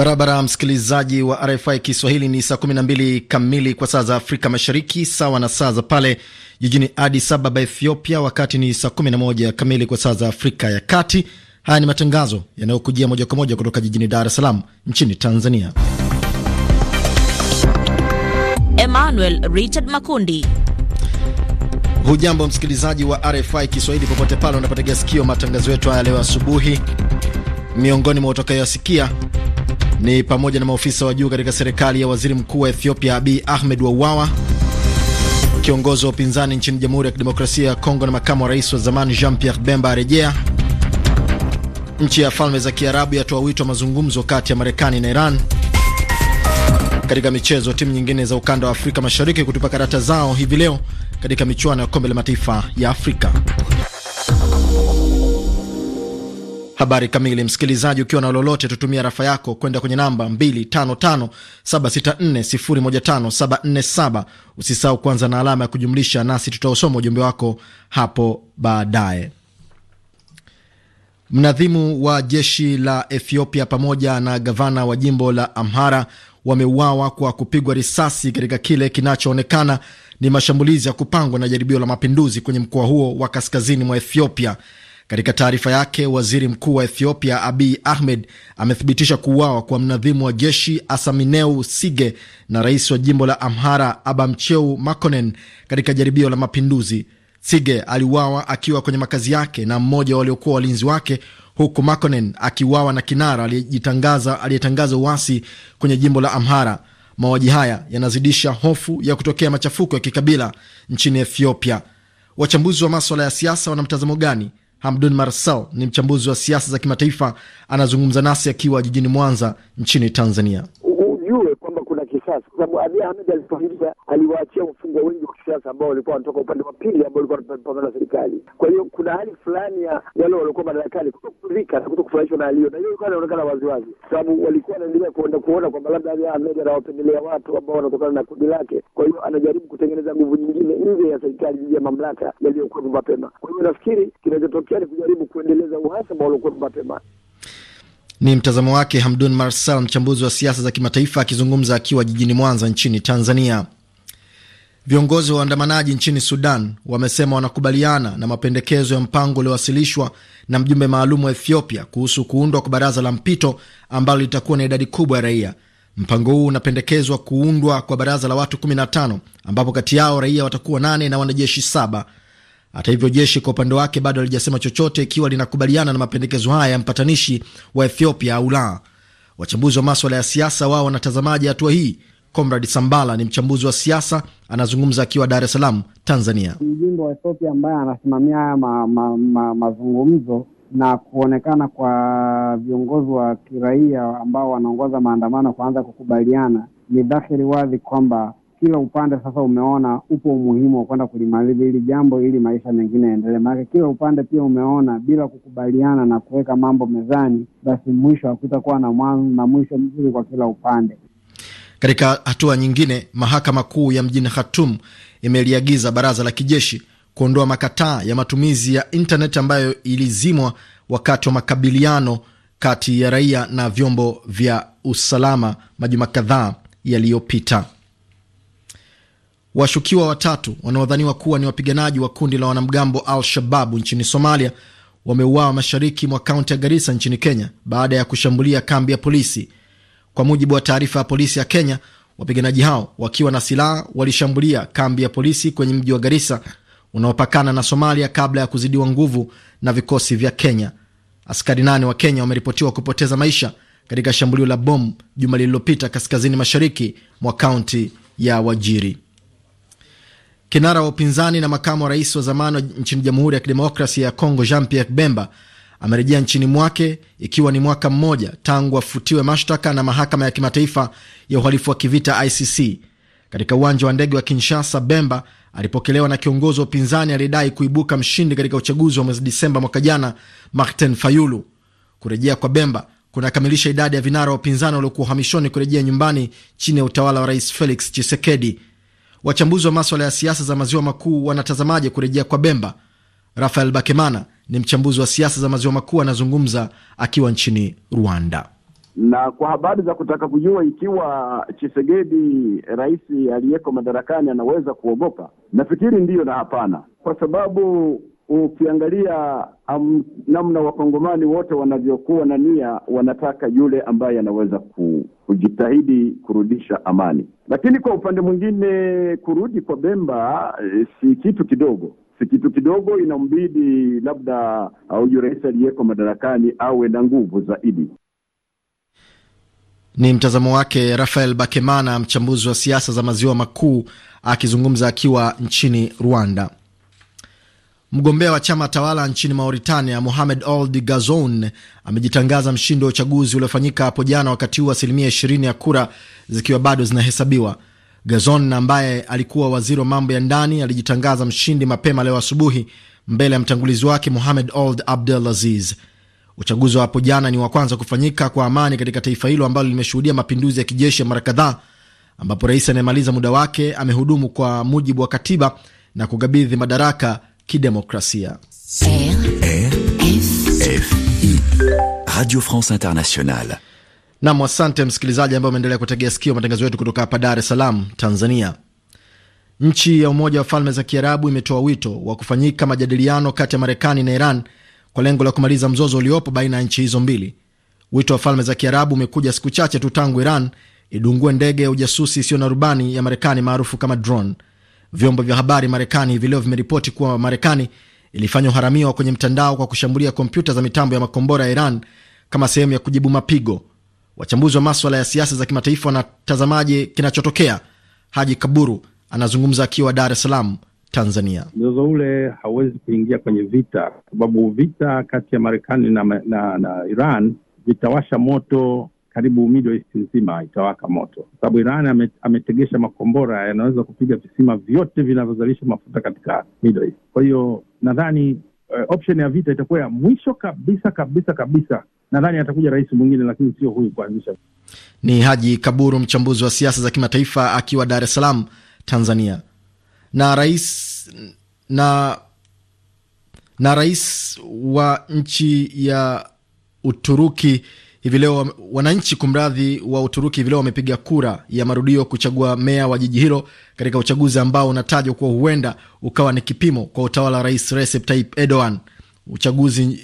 Barabara msikilizaji wa RFI Kiswahili, ni saa 12 kamili kwa saa za Afrika Mashariki, sawa na saa za pale jijini Addis Ababa, Ethiopia, wakati ni saa 11 kamili kwa saa za Afrika ya Kati. Haya ni matangazo yanayokujia moja kwa moja kutoka jijini Dar es Salaam nchini Tanzania. Emmanuel Richard Makundi. Hujambo msikilizaji wa RFI Kiswahili popote pale unapotegea sikio matangazo yetu haya leo asubuhi. Miongoni mwa utakayoyasikia ni pamoja na maofisa wa juu katika serikali ya waziri mkuu wa Ethiopia Abiy Ahmed wauawa. Kiongozi wa upinzani nchini Jamhuri ya Kidemokrasia ya Kongo na makamu wa rais wa zamani Jean Pierre Bemba arejea. Nchi ya Falme za Kiarabu yatoa wito wa mazungumzo kati ya Marekani na Iran. Katika michezo, timu nyingine za ukanda wa Afrika Mashariki kutupa karata zao hivi leo katika michuano ya kombe la mataifa ya Afrika. Habari kamili. Msikilizaji, ukiwa na lolote, tutumia rafa yako kwenda kwenye namba 255764015747. Usisahau kwanza na alama ya kujumlisha, nasi tutaosoma ujumbe wako hapo baadaye. Mnadhimu wa jeshi la Ethiopia pamoja na gavana wa jimbo la Amhara wameuawa kwa kupigwa risasi katika kile kinachoonekana ni mashambulizi ya kupangwa na jaribio la mapinduzi kwenye mkoa huo wa kaskazini mwa Ethiopia. Katika taarifa yake, waziri mkuu wa Ethiopia Abiy Ahmed amethibitisha kuuawa kwa mnadhimu wa jeshi Asamineu Sige na rais wa jimbo la Amhara Abamcheu Makonen katika jaribio la mapinduzi. Sige aliuawa akiwa kwenye makazi yake na mmoja waliokuwa walinzi wake, huku Makonen akiuawa na kinara aliyetangaza uasi kwenye jimbo la Amhara. Mauaji haya yanazidisha hofu ya kutokea machafuko ya kikabila nchini Ethiopia. Wachambuzi wa maswala ya siasa wana mtazamo gani? Hamdun marcel ni mchambuzi wa siasa za kimataifa, anazungumza nasi akiwa jijini Mwanza nchini Tanzania kisiasa, kwa sababu Abiy Ahmed alipoingia aliwaachia mfungwa wengi wa kisiasa ambao walikuwa wanatoka upande wa pili ambao walikuwa wanapambana na serikali. Kwa hiyo kuna hali fulani ya wale waliokuwa madarakani kutokuridhika na kutokufurahishwa na aliyo, na hiyo ilikuwa inaonekana waziwazi, kwa sababu walikuwa wanaendelea kuenda kuona kwamba labda Abiy Ahmed anawapendelea watu ambao wanatokana na kundi lake. Kwa hiyo anajaribu kutengeneza nguvu nyingine nje ya serikali, nje ya mamlaka yaliyokuwepo mapema. Kwa hiyo nafikiri kinachotokea ni kujaribu kuendeleza uhasama waliokuwepo mapema. Ni mtazamo wake Hamdun Marsal, mchambuzi wa siasa za kimataifa, akizungumza akiwa jijini Mwanza nchini Tanzania. Viongozi wa waandamanaji nchini Sudan wamesema wanakubaliana na mapendekezo ya mpango uliowasilishwa na mjumbe maalum wa Ethiopia kuhusu kuundwa kwa baraza la mpito ambalo litakuwa na idadi kubwa ya raia. Mpango huu unapendekezwa kuundwa kwa baraza la watu 15 ambapo kati yao raia watakuwa nane na wanajeshi saba. Hata hivyo, jeshi kwa upande wake bado halijasema chochote ikiwa linakubaliana na mapendekezo haya ya mpatanishi wa Ethiopia au la. Wachambuzi wa maswala ya siasa wao wanatazamaje hatua hii? Comrade Sambala ni mchambuzi wa siasa, anazungumza akiwa Dar es Salaam, Tanzania. Mjumbe wa Ethiopia ambaye anasimamia haya ma, ma, ma, mazungumzo na kuonekana kwa viongozi wa kiraia ambao wanaongoza maandamano kuanza kukubaliana, ni dhahiri wazi kwamba kila upande sasa umeona upo umuhimu wa kwenda kulimaliza hili jambo ili maisha mengine yaendelee. Maanake kila upande pia umeona bila kukubaliana na kuweka mambo mezani, basi mwisho hakutakuwa na mwanzo na mwisho mzuri kwa kila upande. Katika hatua nyingine, mahakama kuu ya mjini Khartoum imeliagiza baraza la kijeshi kuondoa makataa ya matumizi ya intaneti ambayo ilizimwa wakati wa makabiliano kati ya raia na vyombo vya usalama majuma kadhaa yaliyopita. Washukiwa watatu wanaodhaniwa kuwa ni wapiganaji wa kundi la wanamgambo Al Shababu nchini Somalia wameuawa mashariki mwa kaunti ya garisa nchini Kenya baada ya kushambulia kambi ya polisi. Kwa mujibu wa taarifa ya polisi ya Kenya, wapiganaji hao wakiwa na silaha walishambulia kambi ya polisi kwenye mji wa Garisa unaopakana na Somalia kabla ya kuzidiwa nguvu na vikosi vya Kenya. Askari nane wa Kenya wameripotiwa kupoteza maisha katika shambulio la bomu juma lililopita kaskazini mashariki mwa kaunti ya Wajiri. Kinara wa upinzani na makamu wa rais wa zamani nchini Jamhuri ya Kidemokrasia ya Kongo, Jean Pierre Bemba amerejea nchini mwake ikiwa ni mwaka mmoja tangu afutiwe mashtaka na mahakama ya kimataifa ya uhalifu wa kivita ICC. Katika uwanja wa ndege wa Kinshasa, Bemba alipokelewa na kiongozi wa upinzani aliyedai kuibuka mshindi katika uchaguzi wa mwezi Disemba mwaka jana, Martin Fayulu. Kurejea kwa Bemba kunakamilisha idadi ya vinara wa upinzani waliokuwa uhamishoni kurejea nyumbani chini ya utawala wa Rais Felix chisekedi Wachambuzi wa maswala ya siasa za maziwa makuu wanatazamaje kurejea kwa Bemba? Rafael Bakemana ni mchambuzi wa siasa za maziwa makuu, anazungumza akiwa nchini Rwanda. Na kwa habari za kutaka kujua ikiwa Chisegedi, rais aliyeko madarakani, anaweza kuogopa, nafikiri ndiyo na hapana, kwa sababu ukiangalia um, namna wakongomani wote wanavyokuwa na nia, wanataka yule ambaye anaweza kujitahidi kurudisha amani. Lakini kwa upande mwingine, kurudi kwa Bemba e, si kitu kidogo si kitu kidogo. Inambidi labda uh, huyu rais aliyeko madarakani awe na nguvu zaidi. Ni mtazamo wake Rafael Bakemana, mchambuzi wa siasa za maziwa makuu akizungumza akiwa nchini Rwanda. Mgombea wa chama tawala nchini Mauritania, Mohamed old gazon amejitangaza mshindi wa uchaguzi uliofanyika hapo jana, wakati huu asilimia 20 ya kura zikiwa bado zinahesabiwa. gazon ambaye alikuwa waziri wa mambo ya ndani alijitangaza mshindi mapema leo asubuhi mbele ya mtangulizi wake Mohamed old Abdel Aziz. Uchaguzi wa hapo jana ni wa kwanza kufanyika kwa amani katika taifa hilo ambalo limeshuhudia mapinduzi ya kijeshi ya mara kadhaa, ambapo rais anayemaliza muda wake amehudumu kwa mujibu wa katiba na kukabidhi madaraka kidemokrasia. RFI Radio France Internationale. Nam, asante msikilizaji ambaye umeendelea kutegea sikio matangazo yetu kutoka hapa Dar es Salaam, Tanzania. Nchi ya Umoja wa Falme za Kiarabu imetoa wito wa kufanyika majadiliano kati ya Marekani na Iran kwa lengo la kumaliza mzozo uliopo baina ya nchi hizo mbili. Wito wa Falme za Kiarabu umekuja siku chache tu tangu Iran idungue ndege ya ujasusi isiyo na rubani ya Marekani maarufu kama drone. Vyombo vya habari Marekani hivi leo vimeripoti kuwa Marekani ilifanya uharamia kwenye mtandao kwa kushambulia kompyuta za mitambo ya makombora ya Iran kama sehemu ya kujibu mapigo. Wachambuzi wa maswala ya siasa za kimataifa wanatazamaje kinachotokea? Haji Kaburu anazungumza akiwa Dar es Salaam, Tanzania. Mzozo ule hauwezi kuingia kwenye vita, kwa sababu vita kati ya Marekani na, na, na Iran vitawasha moto karibu Middle isi nzima itawaka moto, sababu Iran ame, ametegesha makombora yanaweza kupiga visima vyote vinavyozalisha mafuta katika Middle isi. Kwa hiyo nadhani uh, option ya vita itakuwa ya mwisho kabisa kabisa kabisa. Nadhani atakuja rais mwingine, lakini sio huyu kuanzisha. Ni Haji Kaburu, mchambuzi wa siasa za kimataifa akiwa Dar es Salaam, Tanzania. Na rais na na rais wa nchi ya Uturuki hivi leo wananchi kumradhi wa Uturuki hivi leo wamepiga kura ya marudio kuchagua meya wa jiji hilo katika uchaguzi ambao unatajwa kuwa huenda ukawa ni kipimo kwa utawala wa Rais Recep Tayyip Erdogan. Uchaguzi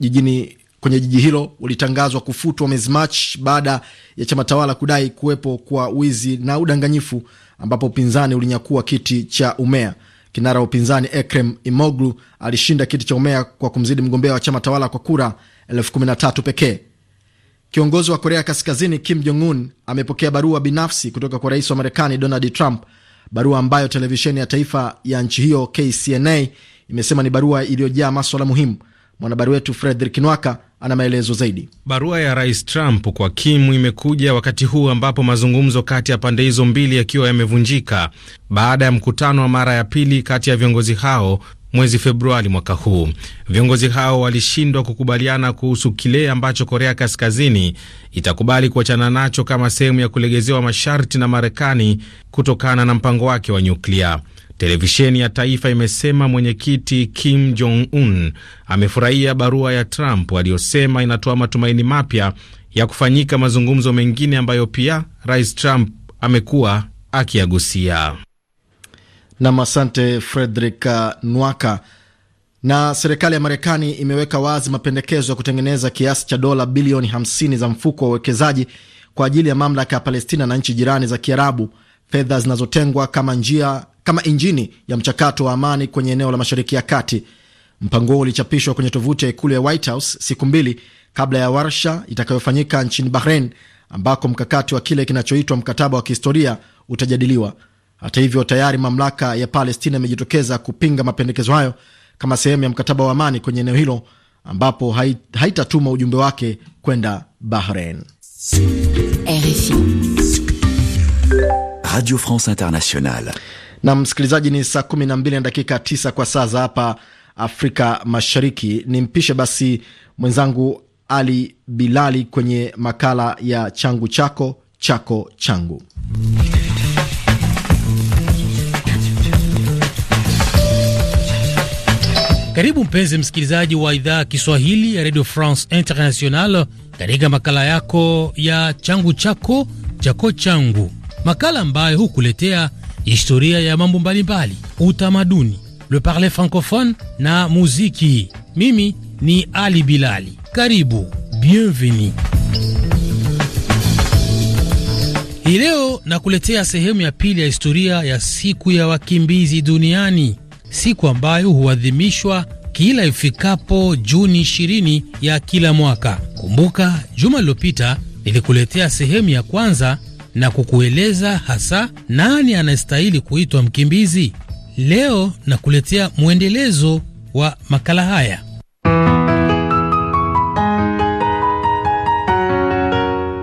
jijini kwenye jiji hilo ulitangazwa kufutwa mwezi Machi baada ya chama tawala kudai kuwepo kwa wizi na udanganyifu, ambapo upinzani ulinyakua kiti cha umea. Kinara wa upinzani Ekrem Imoglu alishinda kiti cha umea kwa kumzidi mgombea wa chama tawala kwa kura elfu kumi na tatu pekee. Kiongozi wa Korea Kaskazini Kim Jong Un amepokea barua binafsi kutoka kwa rais wa Marekani Donald Trump, barua ambayo televisheni ya taifa ya nchi hiyo KCNA imesema ni barua iliyojaa maswala muhimu. Mwanahabari wetu Fredrik Nwaka ana maelezo zaidi. Barua ya rais Trump kwa Kim imekuja wakati huu ambapo mazungumzo kati ya pande hizo mbili yakiwa yamevunjika baada ya mkutano wa mara ya pili kati ya viongozi hao mwezi Februari mwaka huu. Viongozi hao walishindwa kukubaliana kuhusu kile ambacho Korea Kaskazini itakubali kuachana nacho kama sehemu ya kulegezewa masharti na Marekani kutokana na mpango wake wa nyuklia. Televisheni ya taifa imesema mwenyekiti Kim Jong Un amefurahia barua ya Trump aliyosema inatoa matumaini mapya ya kufanyika mazungumzo mengine ambayo pia Rais Trump amekuwa akiagusia. Nam, asante Frederick uh, Nwaka. Na serikali ya Marekani imeweka wazi mapendekezo ya kutengeneza kiasi cha dola bilioni 50 za mfuko wa uwekezaji kwa ajili ya mamlaka ya Palestina na nchi jirani za Kiarabu, fedha zinazotengwa kama njia kama injini ya mchakato wa amani kwenye eneo la Mashariki ya Kati. Mpango huo ulichapishwa kwenye tovuti ya ikulu ya White House siku mbili kabla ya warsha itakayofanyika nchini Bahrain, ambako mkakati wa kile kinachoitwa mkataba wa kihistoria utajadiliwa. Hata hivyo, tayari mamlaka ya Palestina imejitokeza kupinga mapendekezo hayo kama sehemu ya mkataba wa amani kwenye eneo hilo ambapo haitatuma ujumbe wake kwenda Bahrain. Radio France Internationale. Na msikilizaji, ni saa 12 na dakika 9 kwa saa za hapa Afrika Mashariki. ni mpishe basi mwenzangu Ali Bilali kwenye makala ya changu chako chako changu. Karibu mpenzi msikilizaji wa idhaa Kiswahili ya Radio France International katika makala yako ya changu chako chako changu, makala ambayo hukuletea historia ya mambo mbalimbali, utamaduni, le parler francophone na muziki. Mimi ni Ali Bilali, karibu, bienvenue. Hii leo nakuletea sehemu ya pili ya historia ya siku ya wakimbizi duniani siku ambayo huadhimishwa kila ifikapo Juni 20 ya kila mwaka. Kumbuka juma lililopita nilikuletea sehemu ya kwanza na kukueleza hasa nani anastahili kuitwa mkimbizi. Leo nakuletea mwendelezo wa makala haya.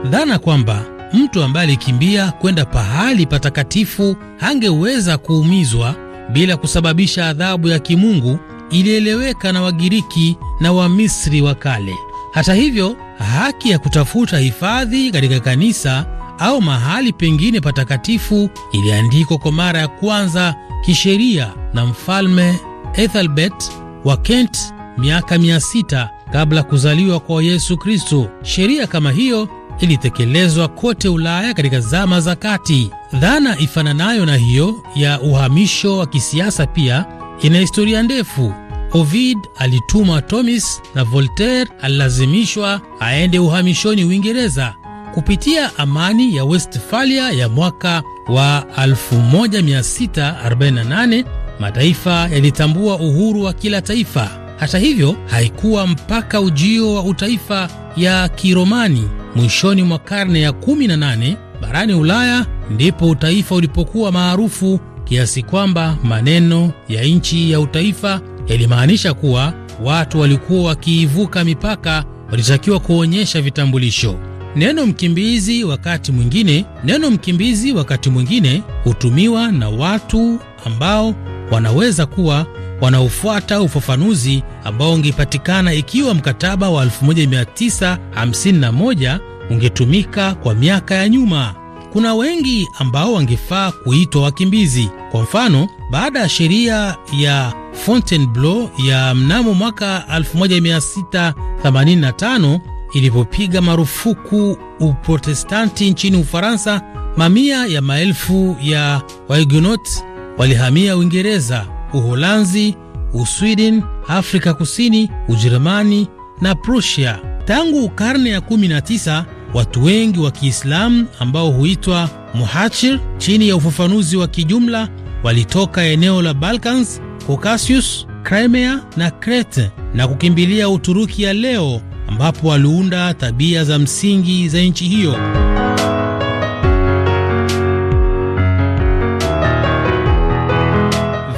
Dhana kwamba mtu ambaye alikimbia kwenda pahali patakatifu hangeweza kuumizwa bila kusababisha adhabu ya kimungu ilieleweka na Wagiriki na Wamisri wa kale. Hata hivyo, haki ya kutafuta hifadhi katika kanisa au mahali pengine patakatifu iliandikwa kwa mara ya kwanza kisheria na mfalme Ethelbert wa Kent miaka 600 kabla kuzaliwa kwa Yesu Kristo. Sheria kama hiyo ilitekelezwa kote Ulaya katika zama za kati Dhana ifananayo na hiyo ya uhamisho wa kisiasa pia ina historia ndefu. Ovid alitumwa tomis na Voltaire alilazimishwa aende uhamishoni Uingereza kupitia amani ya Westfalia ya mwaka wa 1648. Mataifa yalitambua uhuru wa kila taifa. Hata hivyo, haikuwa mpaka ujio wa utaifa ya Kiromani mwishoni mwa karne ya 18 barani Ulaya ndipo utaifa ulipokuwa maarufu kiasi kwamba maneno ya nchi ya utaifa yalimaanisha kuwa watu walikuwa wakiivuka mipaka walitakiwa kuonyesha vitambulisho. Neno mkimbizi wakati mwingine neno mkimbizi wakati mwingine hutumiwa na watu ambao wanaweza kuwa wanaofuata ufafanuzi ambao ungepatikana ikiwa mkataba wa 1951 ungetumika kwa miaka ya nyuma kuna wengi ambao wangefaa kuitwa wakimbizi. Kwa mfano, baada ya sheria ya Fontainebleau ya mnamo mwaka 1685 ilipopiga marufuku Uprotestanti nchini Ufaransa, mamia ya maelfu ya Huguenot walihamia Uingereza, Uholanzi, Uswidin, Afrika Kusini, Ujerumani na Prussia. Tangu karne ya 19 watu wengi wa Kiislamu ambao huitwa muhachir chini ya ufafanuzi wa kijumla walitoka eneo la Balkans, Caucasus, Crimea na Crete na kukimbilia Uturuki ya leo ambapo waliunda tabia za msingi za nchi hiyo.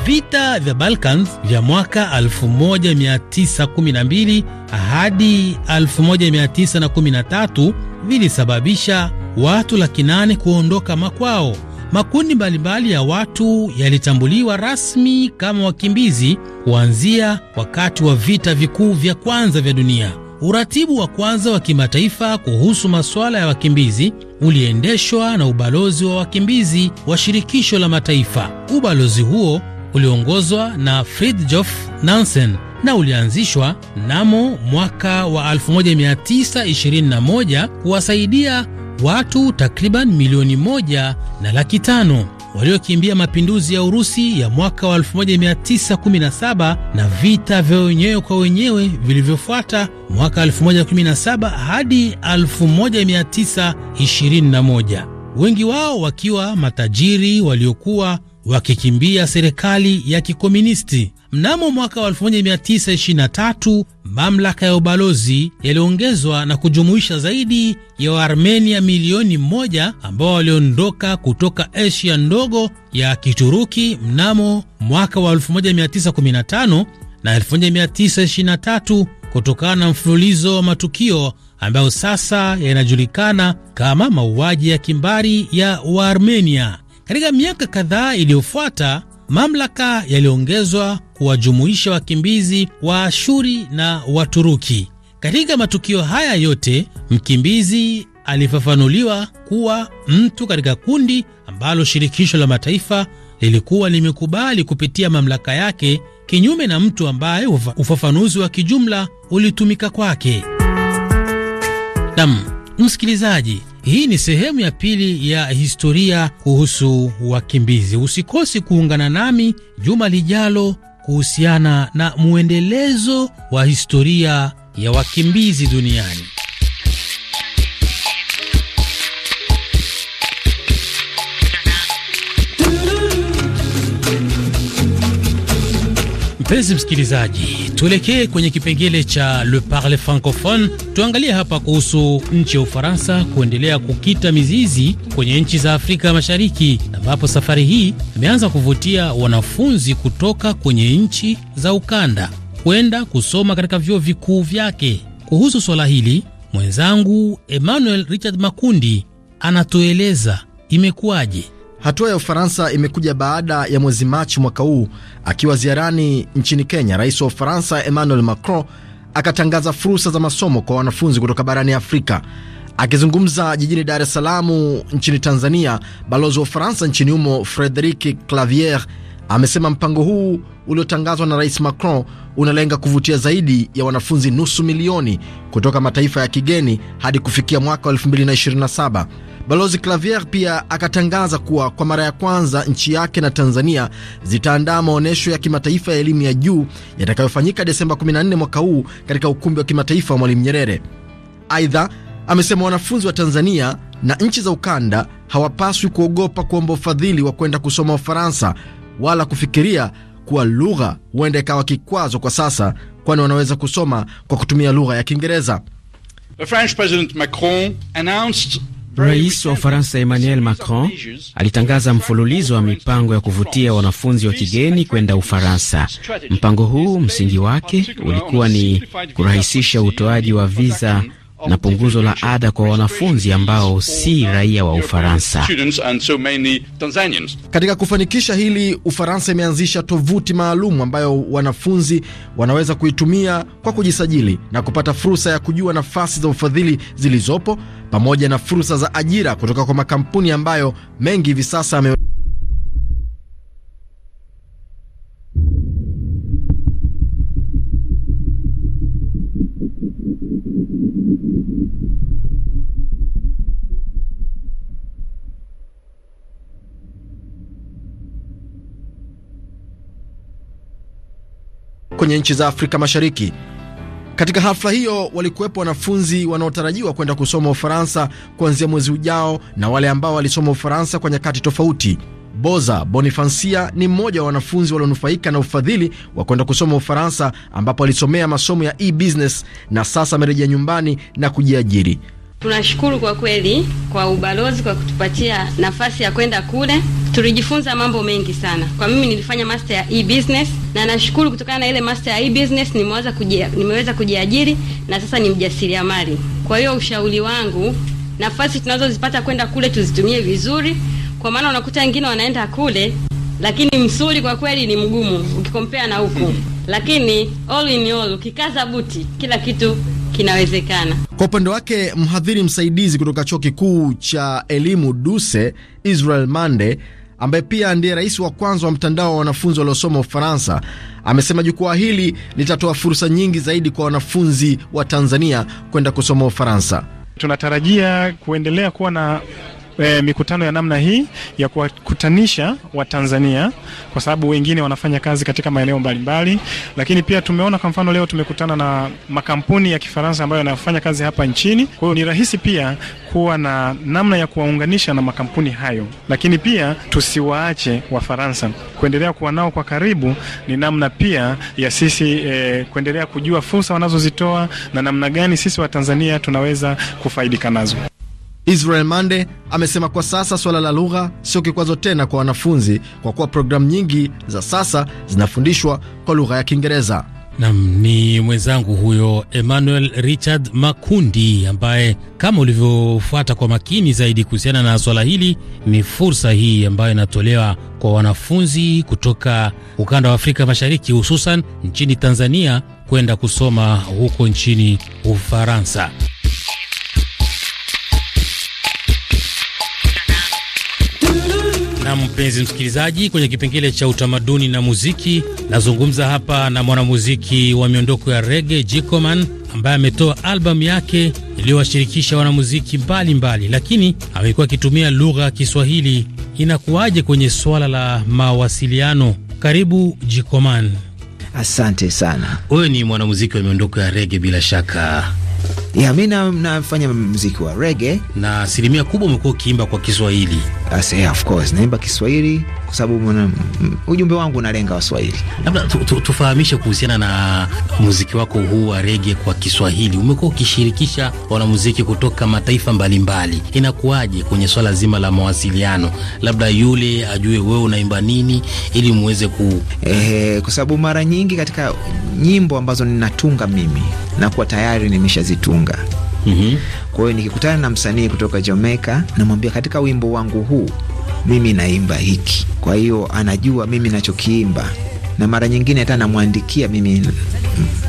Vita vya Balkans vya mwaka 1912 hadi 1913 vilisababisha watu laki nane kuondoka makwao. Makundi mbalimbali ya watu yalitambuliwa rasmi kama wakimbizi kuanzia wakati wa vita vikuu vya kwanza vya dunia. Uratibu wa kwanza wa kimataifa kuhusu masuala ya wakimbizi uliendeshwa na ubalozi wa wakimbizi wa Shirikisho la Mataifa. Ubalozi huo ulioongozwa na fridjof Nansen na ulianzishwa mnamo mwaka wa 1921 kuwasaidia watu takriban milioni moja na laki tano waliokimbia mapinduzi ya Urusi ya mwaka wa 1917 na vita vya wenyewe kwa wenyewe vilivyofuata mwaka 1917 hadi 1921, wengi wao wakiwa matajiri waliokuwa wakikimbia serikali ya kikomunisti. Mnamo mwaka wa 1923 mamlaka ya ubalozi yaliongezwa na kujumuisha zaidi ya Waarmenia milioni moja ambao waliondoka kutoka Asia ndogo ya Kituruki mnamo mwaka wa 1915 na 1923 kutokana na mfululizo wa matukio ambayo sasa yanajulikana kama mauaji ya kimbari ya Waarmenia. Katika miaka kadhaa iliyofuata, mamlaka yaliongezwa kuwajumuisha wakimbizi wa Ashuri na Waturuki. Katika matukio haya yote, mkimbizi alifafanuliwa kuwa mtu katika kundi ambalo shirikisho la mataifa lilikuwa limekubali kupitia mamlaka yake, kinyume na mtu ambaye ufafanuzi wa kijumla ulitumika kwake. Nam msikilizaji, hii ni sehemu ya pili ya historia kuhusu wakimbizi. Usikosi kuungana nami juma lijalo kuhusiana na mwendelezo wa historia ya wakimbizi duniani. Mpenzi msikilizaji, tuelekee kwenye kipengele cha Le Parle Francophone. Tuangalie hapa kuhusu nchi ya Ufaransa kuendelea kukita mizizi kwenye nchi za Afrika Mashariki, ambapo safari hii imeanza kuvutia wanafunzi kutoka kwenye nchi za ukanda kwenda kusoma katika vyuo vikuu vyake. Kuhusu swala hili, mwenzangu Emmanuel Richard Makundi anatueleza imekuwaje. Hatua ya Ufaransa imekuja baada ya mwezi Machi mwaka huu, akiwa ziarani nchini Kenya, rais wa Ufaransa Emmanuel Macron akatangaza fursa za masomo kwa wanafunzi kutoka barani Afrika. Akizungumza jijini Dar es Salaam nchini Tanzania, balozi wa Ufaransa nchini humo Frederic Clavier amesema mpango huu uliotangazwa na rais Macron unalenga kuvutia zaidi ya wanafunzi nusu milioni kutoka mataifa ya kigeni hadi kufikia mwaka wa 2027. Balozi Clavier pia akatangaza kuwa kwa mara ya kwanza nchi yake na Tanzania zitaandaa maonyesho ya kimataifa ya elimu ya juu yatakayofanyika Desemba 14 mwaka huu katika ukumbi wa kimataifa wa Mwalimu Nyerere. Aidha, amesema wanafunzi wa Tanzania na nchi za ukanda hawapaswi kuogopa kuomba ufadhili wa kwenda kusoma Ufaransa wala kufikiria kuwa lugha huenda ikawa kikwazo kwa sasa, kwani wanaweza kusoma kwa kutumia lugha ya Kiingereza. The French President Macron announced Rais wa Ufaransa Emmanuel Macron alitangaza mfululizo wa mipango ya kuvutia wanafunzi wa kigeni kwenda Ufaransa. Mpango huu msingi wake ulikuwa ni kurahisisha utoaji wa viza na punguzo la ada kwa wanafunzi ambao si raia wa Ufaransa. Katika kufanikisha hili, Ufaransa imeanzisha tovuti maalum ambayo wanafunzi wanaweza kuitumia kwa kujisajili na kupata fursa ya kujua nafasi za ufadhili zilizopo pamoja na fursa za ajira kutoka kwa makampuni ambayo mengi hivi sasa yame kwenye nchi za Afrika Mashariki. Katika hafla hiyo walikuwepo wanafunzi wanaotarajiwa kwenda kusoma Ufaransa kuanzia mwezi ujao na wale ambao walisoma Ufaransa kwa nyakati tofauti. Boza Bonifancia ni mmoja wa wanafunzi walionufaika na ufadhili wa kwenda kusoma Ufaransa, ambapo alisomea masomo ya e-business na sasa amerejea nyumbani na kujiajiri. Tunashukuru kwa kweli kwa ubalozi kwa kutupatia nafasi ya kwenda kule. Tulijifunza mambo mengi sana. Kwa mimi nilifanya master ya e-business na nashukuru kutokana na ile master ya e-business nimeweza kujia, nimeweza kujiajiri na sasa ni mjasiriamali. Kwa hiyo ushauri wangu, nafasi tunazozipata kwenda kule tuzitumie vizuri, kwa maana unakuta wengine wanaenda kule, lakini msuri kwa kweli ni mgumu ukikompea na huku, hmm. lakini all in all, ukikaza buti kila kitu kinawezekana. Kwa upande wake, mhadhiri msaidizi kutoka chuo kikuu cha elimu Duse, Israel Mande, ambaye pia ndiye rais wa kwanza wa mtandao wa wanafunzi waliosoma Ufaransa, amesema jukwaa hili litatoa fursa nyingi zaidi kwa wanafunzi wa Tanzania kwenda kusoma Ufaransa. Tunatarajia kuendelea kuwa na e, mikutano ya namna hii ya kuwakutanisha Watanzania kwa sababu wengine wanafanya kazi katika maeneo mbalimbali, lakini pia tumeona kwa mfano leo tumekutana na makampuni ya Kifaransa ambayo yanafanya kazi hapa nchini. Kwa hiyo ni rahisi pia kuwa na namna ya kuwaunganisha na makampuni hayo, lakini pia tusiwaache Wafaransa, kuendelea kuwa nao kwa karibu ni namna pia ya sisi e, kuendelea kujua fursa wanazozitoa na namna gani sisi Watanzania tunaweza kufaidika nazo. Israel Mande amesema kwa sasa suala la lugha sio kikwazo tena kwa wanafunzi kwa kuwa programu nyingi za sasa zinafundishwa kwa lugha ya Kiingereza. Nam ni mwenzangu huyo Emmanuel Richard Makundi, ambaye kama ulivyofuata kwa makini zaidi kuhusiana na swala hili, ni fursa hii ambayo inatolewa kwa wanafunzi kutoka ukanda wa Afrika Mashariki, hususan nchini Tanzania, kwenda kusoma huko nchini Ufaransa. Na mpenzi msikilizaji, kwenye kipengele cha utamaduni na muziki, nazungumza hapa na mwanamuziki wa miondoko ya rege Jikoman ambaye ametoa albamu yake iliyowashirikisha wanamuziki mbalimbali, lakini amekuwa akitumia lugha ya Kiswahili. Inakuwaje kwenye swala la mawasiliano? Karibu Jikoman. Asante sana. Wewe ni mwanamuziki wa miondoko ya rege bila shaka ya mi nafanya mziki wa rege na asilimia kubwa umekuwa ukiimba kwa Kiswahili. Yeah, of course naimba Kiswahili kwa sababu ujumbe wangu unalenga Waswahili. Labda tufahamishe kuhusiana na muziki wako huu wa rege kwa Kiswahili. Umekuwa ukishirikisha wanamuziki kutoka mataifa mbalimbali, inakuwaje kwenye swala zima la mawasiliano? Labda yule ajue wewe unaimba nini ili muweze ku eh, kwa sababu mara nyingi katika nyimbo ambazo ninatunga mimi nakuwa tayari nimeshazi kuvitunga. mm -hmm. Kwa hiyo nikikutana na msanii kutoka Jamaica namwambia katika wimbo wangu huu mimi naimba hiki, kwa hiyo anajua mimi nachokiimba na mara nyingine hata namwandikia mimi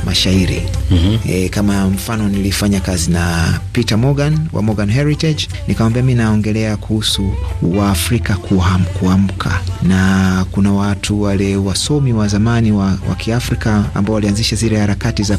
mashairi mm -hmm. E, kama mfano nilifanya kazi na Peter Morgan wa Morgan Heritage, nikamwambia mi naongelea kuhusu Waafrika kuham, kuamka na kuna watu wale wasomi wa zamani wa, wa Kiafrika ambao walianzisha zile harakati za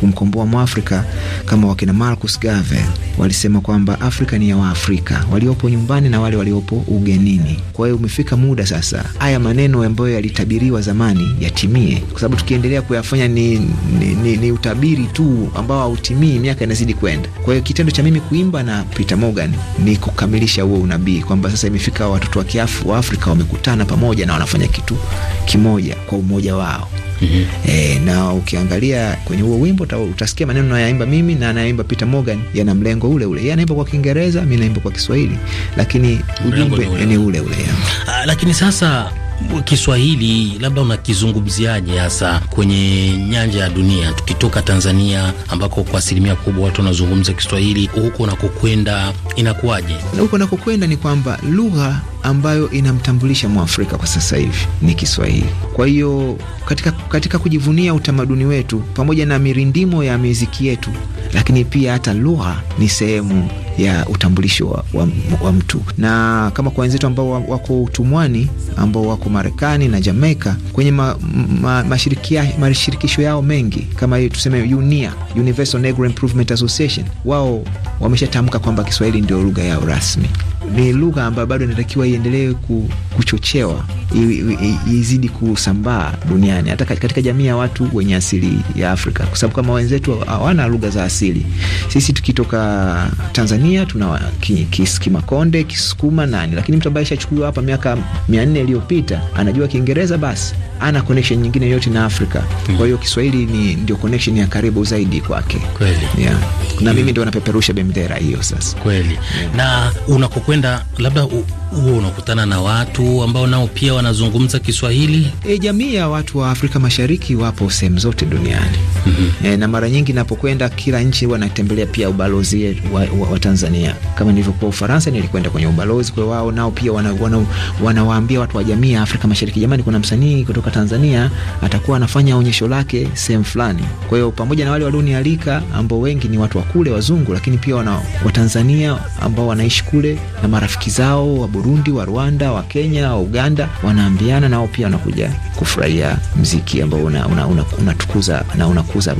kumkomboa Mwafrika kama wakina Marcus Garvey walisema kwamba Afrika ni ya Waafrika waliopo nyumbani na wale waliopo ugenini. Kwa hiyo umefika muda sasa haya maneno ambayo yalitabiriwa zamani yatimie, kwa sababu tukiendelea kuyafanya ni, ni ni, ni utabiri tu ambao hautimii, miaka inazidi kwenda. Kwa hiyo kitendo cha mimi kuimba na Peter Morgan ni kukamilisha huo unabii kwamba sasa imefika watoto wa kiafu wa Afrika wamekutana pamoja na wanafanya kitu kimoja kwa umoja wao. Mm -hmm. E, na ukiangalia kwenye huo wimbo utasikia maneno nayaimba mimi na anaimba Peter Morgan yana mlengo ule ule. Yeye anaimba kwa Kiingereza, mimi naimba kwa Kiswahili, lakini ujumbe ni ule ule. Ule, ah, lakini sasa Kiswahili labda unakizungumziaje hasa kwenye nyanja ya dunia, tukitoka Tanzania ambako kwa asilimia kubwa watu wanazungumza Kiswahili, huko unakokwenda inakuwaje? Huko unakokwenda ni kwamba lugha ambayo inamtambulisha Mwafrika kwa sasa hivi ni Kiswahili. Kwa hiyo katika, katika kujivunia utamaduni wetu pamoja na mirindimo ya miziki yetu, lakini pia hata lugha ni sehemu ya utambulisho wa, wa, wa mtu, na kama kwa wenzetu ambao wako utumwani ambao wako Marekani na Jamaika kwenye ma, ma, mashirikisho yao mengi kama hiyo tuseme UNIA, Universal Negro Improvement Association, wao wameshatamka kwamba Kiswahili ndio lugha yao rasmi ni lugha ambayo bado inatakiwa iendelee kuchochewa, izidi kusambaa duniani, hata katika jamii ya watu wenye asili ya Afrika, kwa sababu kama wenzetu hawana lugha za asili. Sisi tukitoka Tanzania tuna Kimakonde, ki, ki, Kisukuma nani, lakini mtu ambaye ishachukuliwa hapa miaka mia nne iliyopita anajua Kiingereza, basi ana connection nyingine yote na Afrika. Mm. Kwa hiyo Kiswahili ni ndio connection ya karibu zaidi kwake, yeah. na mimi ndio napeperusha bendera hiyo sasa, kweli yeah. na unapokuwa kwenda labda u, huo unakutana na watu ambao nao pia wanazungumza Kiswahili. E, jamii ya watu wa Afrika Mashariki wapo sehemu zote duniani. mm -hmm. E, na mara nyingi napokwenda kila nchi huwa natembelea pia ubalozi wa, wa, wa Tanzania. Kama nilivyokuwa Ufaransa, nilikwenda kwenye ubalozi kwa wao, nao pia wanawaambia wana, wana watu wa jamii ya Afrika Mashariki, jamani, kuna msanii kutoka Tanzania atakuwa anafanya onyesho lake sehemu fulani. Kwa hiyo pamoja na wale walionialika ambao wengi ni watu wa kule wazungu, lakini pia wana Watanzania ambao wanaishi kule na marafiki zao wa Burundi, wa Rwanda, wa Kenya, wa Uganda wanaambiana nao pia wanakuja kufurahia mziki ambao unatukuza una, una, una na unakuza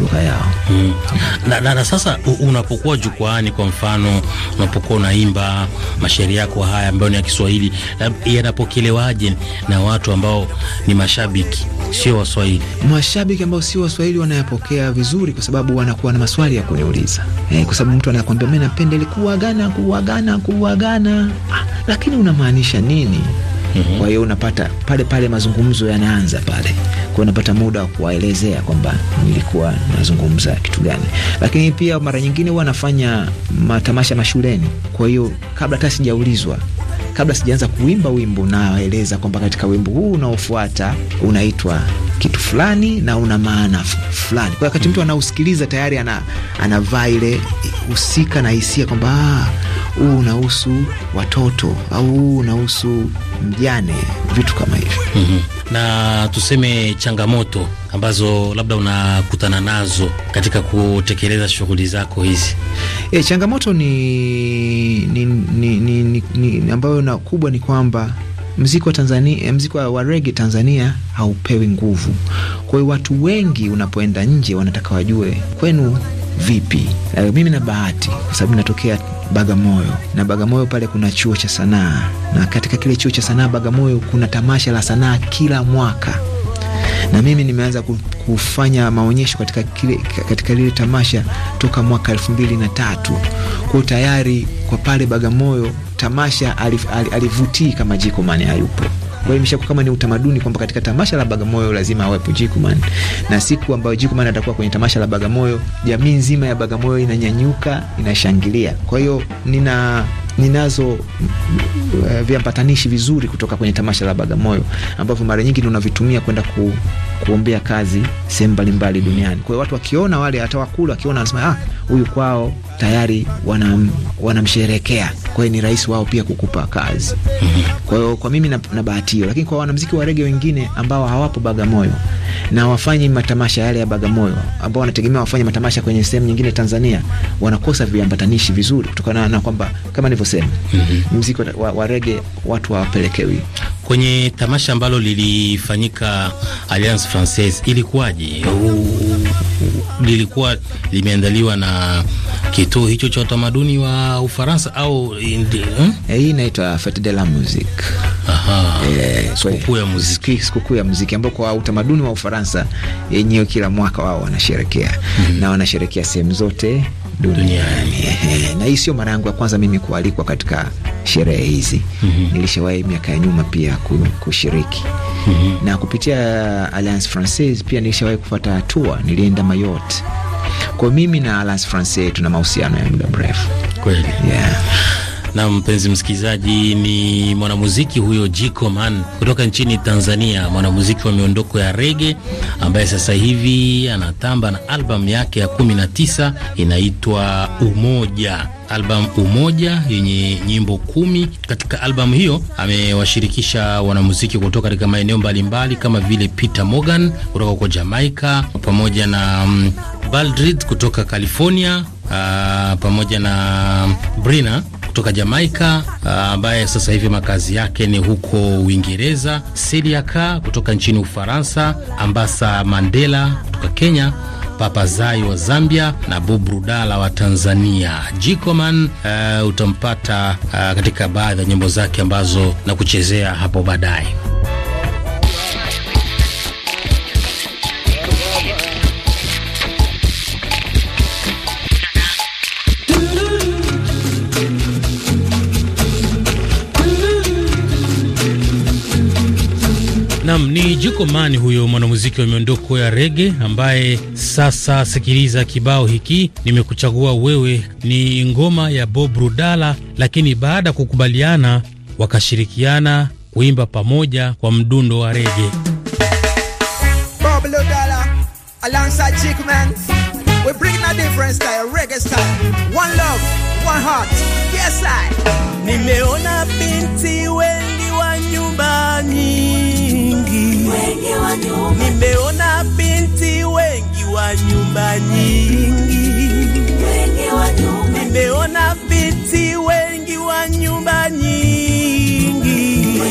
lugha yao hmm. Na, na, na sasa unapokuwa jukwaani, kwa mfano unapokuwa unaimba mashairi yako haya ambayo ni ya Kiswahili, yanapokelewaje na watu ambao ni mashabiki sio Waswahili? Mashabiki ambao sio Waswahili wanayapokea vizuri, kwa sababu wanakuwa na maswali ya kuniuliza eh, kwa sababu mtu anakwambia mimi napenda ile gana kuagana kuagana ah lakini unamaanisha nini? Mm -hmm. Kwa hiyo unapata pale pale mazungumzo yanaanza pale, kwa unapata muda wa kuwaelezea kwamba nilikuwa nazungumza kitu gani. Lakini pia mara nyingine huwa nafanya matamasha mashuleni, kwa hiyo kabla hata sijaulizwa kabla sijaanza kuimba wimbo naeleza kwamba katika wimbo huu unaofuata unaitwa kitu fulani na una maana fulani. Kwa wakati mtu mhm. anausikiliza tayari anavaa ile husika na hisia kwamba ah, huu unahusu watoto au huu unahusu mjane, vitu kama hivyo mm -hmm. Na tuseme changamoto ambazo labda unakutana nazo katika kutekeleza shughuli zako hizi. E, changamoto ni, ni, ni, ni, ni, ni ambayo na kubwa ni kwamba mziki wa Tanzania, eh, mziki wa rege Tanzania haupewi nguvu. Kwa hiyo watu wengi unapoenda nje wanataka wajue kwenu vipi? Uh, mimi na bahati kwa sababu natokea Bagamoyo na Bagamoyo pale kuna chuo cha sanaa, na katika kile chuo cha sanaa Bagamoyo kuna tamasha la sanaa kila mwaka, na mimi nimeanza kufanya maonyesho katika kile, katika lile tamasha toka mwaka elfu mbili na tatu kwao tayari kwa pale Bagamoyo tamasha alivutii kama Jiko Mane hayupo. Kwa hiyo imeshakuwa kama ni utamaduni kwamba katika tamasha la Bagamoyo lazima awepo Jikuman, na siku ambayo Jikuman atakuwa kwenye tamasha la Bagamoyo, jamii nzima ya Bagamoyo inanyanyuka, inashangilia. Kwa hiyo nina ninazo uh, viambatanishi vizuri kutoka kwenye tamasha la Bagamoyo ambavyo mara nyingi tunavitumia kwenda ku, kuombea kazi sehemu mbalimbali duniani. Kwa hiyo watu wakiona wale hata wakulu wakiona wanasema ah, huyu kwao tayari wanam, wanamsherekea. Kwa hiyo ni rahisi wao pia kukupa kazi. Kwa hiyo kwa mimi na, na bahati hiyo, lakini kwa wanamuziki wa rege wengine ambao hawapo Bagamoyo na wafanyi matamasha yale ya Bagamoyo ambao wanategemea wafanye matamasha kwenye sehemu nyingine Tanzania, wanakosa viambatanishi vizuri kutokana na kwamba kama nilivyo kusema mm -hmm. mziki wa, wa rege watu hawapelekewi kwenye tamasha ambalo lilifanyika Alliance Francaise. Ilikuwaje? lilikuwa limeandaliwa na kituo hicho cha utamaduni wa Ufaransa au hmm? Eh, hii hmm? E, inaitwa Fete de la Musique, e, sikukuu ya muziki, ambao ya muziki ambayo kwa utamaduni wa Ufaransa yenyewe kila mwaka wao wanasherekea mm -hmm. na wanasherekea sehemu zote duniani. Na hii sio mara yangu ya kwanza mimi kualikwa katika sherehe hizi mm -hmm. Nilishawahi miaka ya nyuma pia kushiriki mm -hmm. na kupitia Alliance Francaise pia nilishawahi kufata hatua, nilienda Mayotte. Kwa mimi na Alliance Francaise tuna mahusiano ya muda mrefu kweli, yeah. Na mpenzi msikilizaji, ni mwanamuziki huyo Jiko Man kutoka nchini Tanzania, mwanamuziki wa miondoko ya rege ambaye sasa hivi anatamba na albamu yake ya 19 inaitwa Umoja albamu Umoja yenye nyimbo kumi. Katika albamu hiyo amewashirikisha wanamuziki kutoka katika maeneo mbalimbali kama vile Peter Morgan kutoka huko Jamaica pamoja na um, mm, Baldrid kutoka California, uh, pamoja na mm, Brina kutoka Jamaika ah, ambaye sasa hivi makazi yake ni huko Uingereza, Seliaka kutoka nchini Ufaransa, Ambasa Mandela kutoka Kenya, Papa Zai wa Zambia na Bob Rudala wa Tanzania. Jikoman uh, utampata uh, katika baadhi ya nyimbo zake ambazo na kuchezea hapo baadaye. Nam ni Jukomani huyo mwanamuziki wa miondoko ya rege ambaye sasa. Sikiliza kibao hiki, nimekuchagua wewe, ni ngoma ya Bob Rudala, lakini baada ya kukubaliana wakashirikiana kuimba pamoja kwa mdundo wa rege. Nimeona binti wengi wa nyumbani nimeona binti wengi wa nyumba nyingi, nimeona binti wengi wa nyumba nyingi,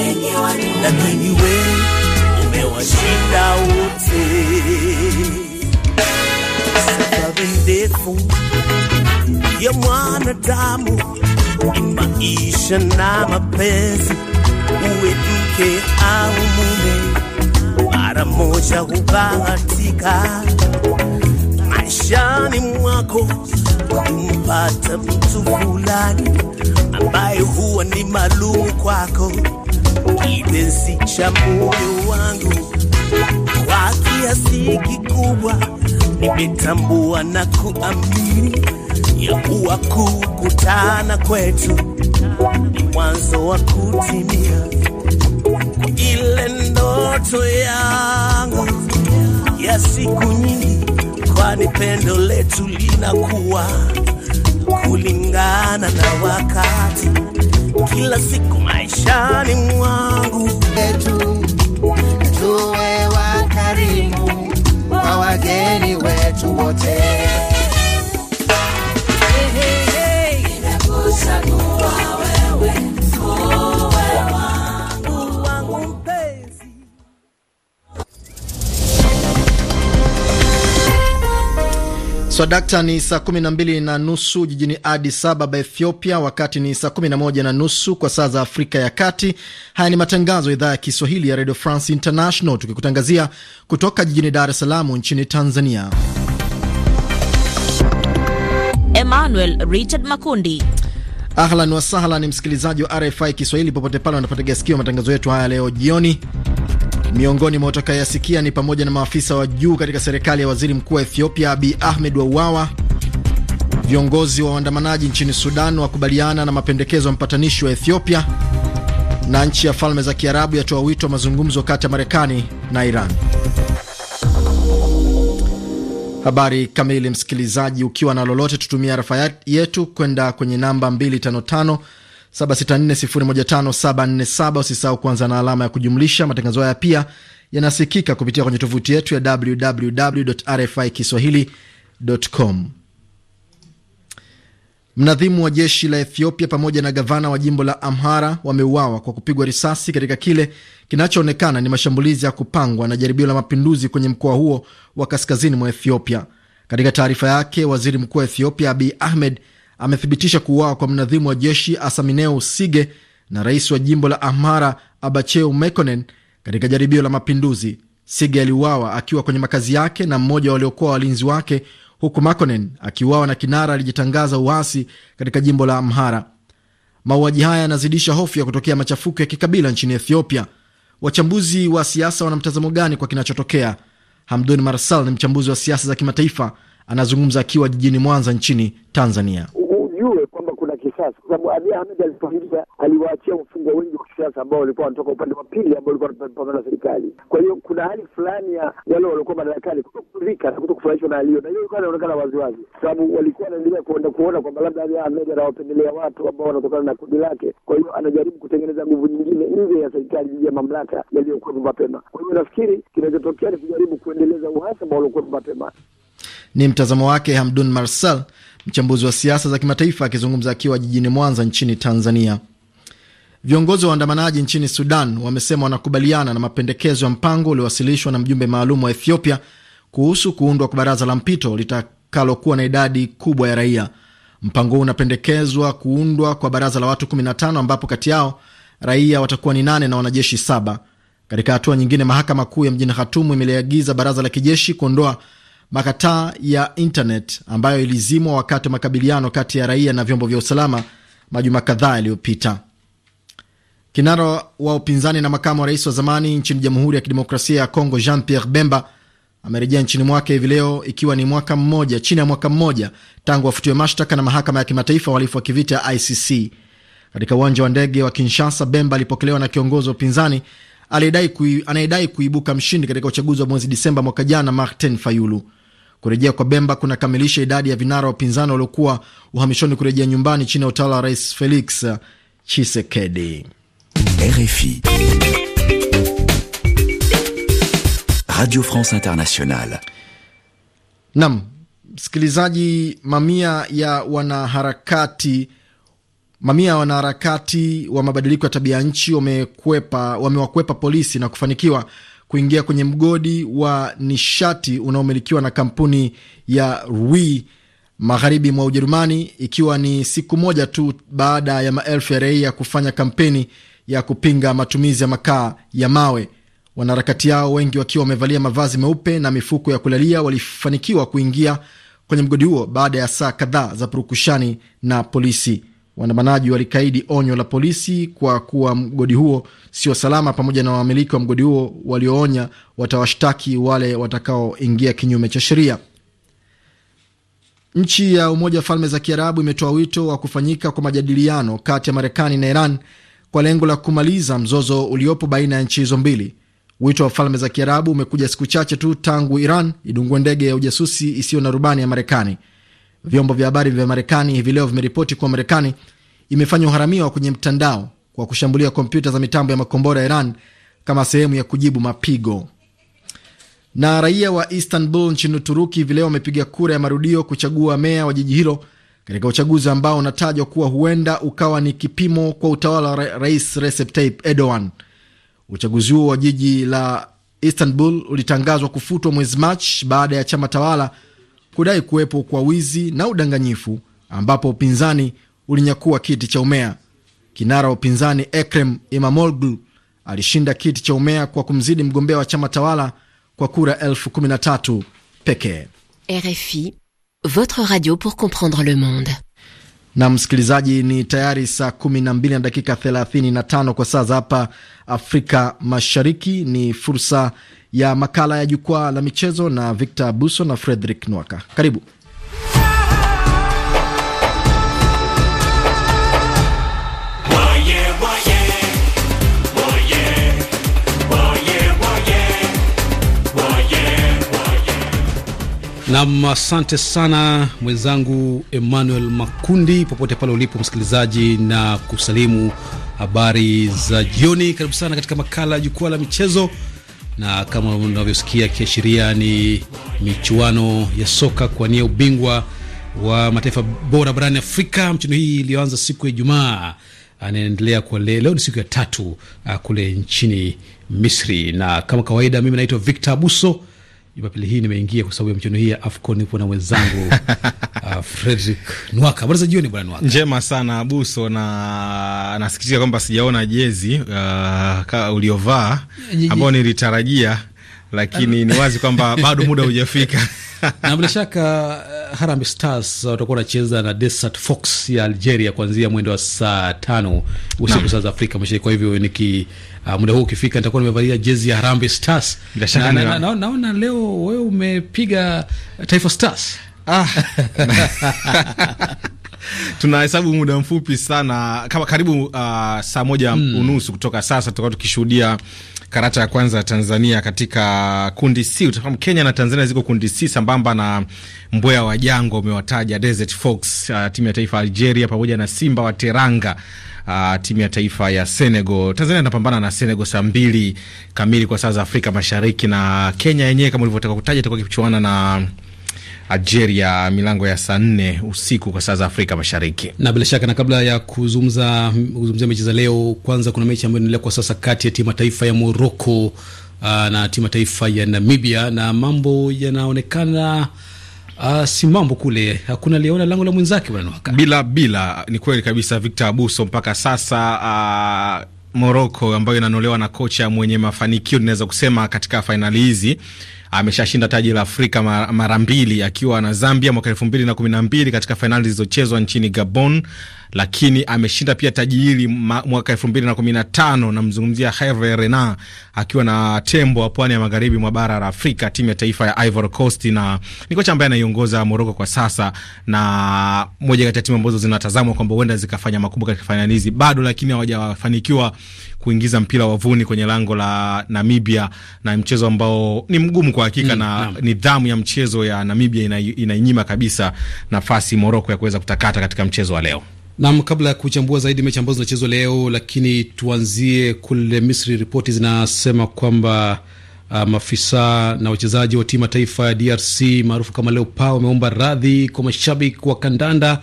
lakini we umewashinda wote. Safari ndefu ya mwanadamu ni maisha na mapenzi, uwe mke au mume mara moja hubahatika maishani mwako kumpata mtu fulani ambaye huwa ni maalum kwako, kipenzi cha moyo wangu. Kwa kiasi kikubwa nimetambua na kuamini ya kuwa kukutana kwetu ni mwanzo wa kutimia ile ndoto yangu ya siku nyingi, kwani pendo letu linakuwa kulingana na wakati. Kila siku maishani mwangu wetu tuwe wakarimu kwa wageni wetu wote. Hey, hey, hey. Inakuchagua wewe Swadakta dakta ni saa 12 na nusu jijini Addis Ababa, Ethiopia, wakati ni saa 11 na nusu kwa saa za Afrika ya Kati. Haya ni matangazo ya idhaa ya Kiswahili ya Radio France International, tukikutangazia kutoka jijini Dar es Salaam nchini Tanzania. Emmanuel Richard Makundi. Ahlan wasahlan, ni msikilizaji wa RFI Kiswahili popote pale wanapotegea sikio matangazo yetu haya leo jioni. Miongoni mwa utakayasikia ni pamoja na maafisa wa juu katika serikali ya waziri mkuu wa Ethiopia Abiy Ahmed wauawa, viongozi wa waandamanaji nchini Sudan wakubaliana na mapendekezo ya mpatanishi wa Ethiopia, na nchi ya Falme za Kiarabu yatoa wito wa mazungumzo kati ya Marekani na Iran. Habari kamili, msikilizaji, ukiwa na lolote, tutumia rafa yetu kwenda kwenye namba 255 764015747. Usisahau kuanza na alama ya kujumlisha. Matangazo haya pia yanasikika kupitia kwenye tovuti yetu ya www RFI kiswahilicom. Mnadhimu wa jeshi la Ethiopia pamoja na gavana wa jimbo la Amhara wameuawa kwa kupigwa risasi katika kile kinachoonekana ni mashambulizi ya kupangwa na jaribio la mapinduzi kwenye mkoa huo wa kaskazini mwa Ethiopia. Katika taarifa yake, waziri mkuu wa Ethiopia Abiy Ahmed amethibitisha kuuawa kwa mnadhimu wa jeshi Asamineo sige na rais wa jimbo la Amhara Abacheu Mekonen katika jaribio la mapinduzi. Sige aliuawa akiwa kwenye makazi yake na mmoja waliokuwa walinzi wake, huku Makonen akiuawa na kinara alijitangaza uasi katika jimbo la Amhara. Mauaji haya yanazidisha hofu ya kutokea machafuko ya kikabila nchini Ethiopia. Wachambuzi wa siasa wana mtazamo gani kwa kinachotokea? Hamdun Marsal ni mchambuzi wa siasa za kimataifa, anazungumza akiwa jijini Mwanza nchini Tanzania kisiasa, kwa sababu Abiy Ahmed alipoingia aliwaachia mfungwa wengi wa kisiasa ambao walikuwa wanatoka upande wa pili ambao walikuwa wanapambana na serikali. Kwa hiyo kuna hali fulani ya wale waliokuwa madarakani kutokuridhika na kutokufurahishwa na aliyo, na hiyo ilikuwa inaonekana waziwazi, kwa sababu walikuwa wanaendelea kuenda kuona kwamba labda Abiy Ahmed anawapendelea watu ambao wanatokana na kundi lake. Kwa hiyo anajaribu kutengeneza nguvu nyingine nje ya serikali, nje ya mamlaka yaliyokuwepo mapema. Kwa hiyo nafikiri kinachotokea ni kujaribu kuendeleza uhasama waliokuwepo mapema. Ni mtazamo wake Hamdun Marsal, mchambuzi wa siasa za kimataifa akizungumza akiwa jijini Mwanza nchini Tanzania. Viongozi wa waandamanaji nchini Sudan wamesema wanakubaliana na mapendekezo ya mpango uliowasilishwa na mjumbe maalum wa Ethiopia kuhusu kuundwa kwa baraza la mpito litakalokuwa na idadi kubwa ya raia. Mpango huu unapendekezwa kuundwa kwa baraza la watu 15 ambapo kati yao raia watakuwa ni nane na wanajeshi saba. Katika hatua nyingine, mahakama kuu ya mjini hatumu imeliagiza baraza la kijeshi kuondoa makataa ya internet ambayo ilizimwa wakati wa makabiliano kati ya raia na vyombo vya usalama majuma kadhaa yaliyopita. Kinara wa upinzani na makamu wa rais wa zamani nchini Jamhuri ya Kidemokrasia ya Kongo, Jean Pierre Bemba amerejea nchini mwake hivi leo, ikiwa ni mwaka mmoja chini ya mwaka mmoja tangu afutiwe mashtaka na mahakama ya kimataifa wahalifu wa kivita ya ICC. Katika uwanja wa ndege wa Kinshasa, Bemba alipokelewa na kiongozi wa upinzani anayedai kuibuka mshindi katika uchaguzi wa mwezi Disemba mwaka jana, Martin Fayulu. Kurejea kwa Bemba kunakamilisha idadi ya vinara wapinzani waliokuwa uhamishoni kurejea nyumbani chini ya utawala wa Rais Felix Chisekedi. RFI Radio France Internationale. Nam msikilizaji, mamia ya wanaharakati mamia ya wanaharakati wa mabadiliko ya tabia ya nchi wamewakwepa polisi na kufanikiwa kuingia kwenye mgodi wa nishati unaomilikiwa na kampuni ya Rui magharibi mwa Ujerumani, ikiwa ni siku moja tu baada ya maelfu ya raia kufanya kampeni ya kupinga matumizi ya makaa ya mawe. Wanaharakati hao wengi wakiwa wamevalia mavazi meupe na mifuko ya kulalia walifanikiwa kuingia kwenye mgodi huo baada ya saa kadhaa za purukushani na polisi. Waandamanaji walikaidi onyo la polisi kwa kuwa mgodi huo sio salama, pamoja na wamiliki wa mgodi huo walioonya watawashtaki wale watakaoingia kinyume cha sheria. Nchi ya Umoja wa Falme za Kiarabu imetoa wito wa kufanyika kwa majadiliano kati ya Marekani na Iran kwa lengo la kumaliza mzozo uliopo baina ya nchi hizo mbili. Wito wa Falme za Kiarabu umekuja siku chache tu tangu Iran idungue ndege ya ujasusi isiyo na rubani ya Marekani. Vyombo vya habari vya Marekani hivi leo vimeripoti kuwa Marekani imefanya uharamia kwenye mtandao kwa kushambulia kompyuta za mitambo ya makombora ya Iran kama sehemu ya kujibu mapigo. Na raia wa Istanbul nchini Uturuki hivi leo wamepiga kura ya marudio kuchagua meya wa jiji hilo katika uchaguzi ambao unatajwa kuwa huenda ukawa ni kipimo kwa utawala wa Rais Recep Tayyip Erdogan. Uchaguzi huo wa jiji la Istanbul ulitangazwa kufutwa mwezi Machi baada ya chama tawala kudai kuwepo kwa wizi na udanganyifu, ambapo upinzani ulinyakua kiti cha umea. Kinara wa upinzani Ekrem Imamoglu alishinda kiti cha umea kwa kumzidi mgombea wa chama tawala kwa kura elfu kumi na tatu pekee. RFI, votre radio pour comprendre le monde. Na msikilizaji, ni tayari saa 12 na dakika 35 kwa saa za hapa Afrika Mashariki. Ni fursa ya makala ya jukwaa la michezo na Victor Buso na Fredrick Nwaka. Karibu. Nam, asante sana mwenzangu Emmanuel Makundi, popote pale ulipo msikilizaji, na kusalimu habari za jioni. Karibu sana katika makala ya jukwaa la michezo na kama unavyosikia kiashiria ni michuano ya soka kuwania ubingwa wa mataifa bora barani Afrika. Mchuano hii iliyoanza siku ya Ijumaa anaendelea kwa le, leo ni siku ya tatu uh, kule nchini Misri, na kama kawaida, mimi naitwa Victor Abuso Jumapili hii nimeingia kwa sababu ya mchano hii ya AFCON. Nipo na mwenzangu uh, Fredrick Nwaka. Habari za jioni bwana Nwaka. Njema sana Buso, na nasikitika kwamba sijaona jezi uh, uliovaa ambayo nilitarajia, lakini ni wazi kwamba bado muda hujafika na bila shaka Harambee Stars watakuwa wanacheza na Desert Fox ya Algeria kuanzia mwendo wa saa tano usiku saa za Afrika Mashariki. Kwa hivyo niki uh, muda huu ukifika nitakuwa nimevalia jezi ya Harambee Stars. Na, na, na, naona leo wewe umepiga Taifa Stars ah. tunahesabu muda mfupi sana kama karibu uh, saa moja mm, unusu kutoka sasa tutakuwa tukishuhudia karata ya kwanza ya Tanzania katika kundi C. Utafahamu Kenya na Tanzania ziko kundi C sambamba na mbwea wa jangwa umewataja Desert Fox, uh, timu ya taifa ya Algeria pamoja na Simba wa Teranga, uh, timu ya taifa ya Senegal. Tanzania inapambana na Senegal saa mbili kamili kwa saa za Afrika Mashariki, na Kenya yenyewe kama ulivyotaka kutaja itakuwa ikichuana na Algeria milango ya saa nne usiku kwa saa za Afrika Mashariki. Na bila shaka, na kabla ya kuzungumza kuzungumzia mechi za leo, kwanza kuna mechi ambayo inaendelea kwa sasa kati ya timu taifa ya Morocco uh, na timu taifa ya Namibia, na mambo yanaonekana Uh, si mambo kule, hakuna liona lango la mwenzake bwana Bila bila, ni kweli kabisa Victor Abuso, mpaka sasa uh, Morocco ambayo inanolewa na kocha mwenye mafanikio inaweza kusema katika fainali hizi ameshashinda taji la Afrika mara mbili akiwa na Zambia mwaka elfu mbili na kumi na mbili katika fainali zilizochezwa nchini Gabon lakini ameshinda pia taji hili mwaka elfu mbili na kumi na tano. Namzungumzia Herve Renard akiwa na Tembo wa pwani ya magharibi mwa bara la Afrika, timu ya taifa ya Ivory Coast, na ni kocha ambaye anaiongoza Moroko kwa sasa, na moja kati ya timu ambazo zinatazamwa kwamba huenda zikafanya makubwa katika fainali hizi bado, lakini hawajafanikiwa kuingiza mpira wavuni kwenye lango la Namibia, na mchezo ambao ni mgumu kwa hakika mm, na mm. nidhamu ya mchezo ya Namibia inainyima ina kabisa nafasi Moroko ya kuweza kutakata katika mchezo wa leo. Nam, kabla ya kuchambua zaidi mechi ambazo zinachezwa leo, lakini tuanzie kule Misri. Ripoti zinasema kwamba uh, maafisa na wachezaji wa timu ya taifa ya DRC maarufu kama leopa wameomba radhi kwa mashabiki wa kandanda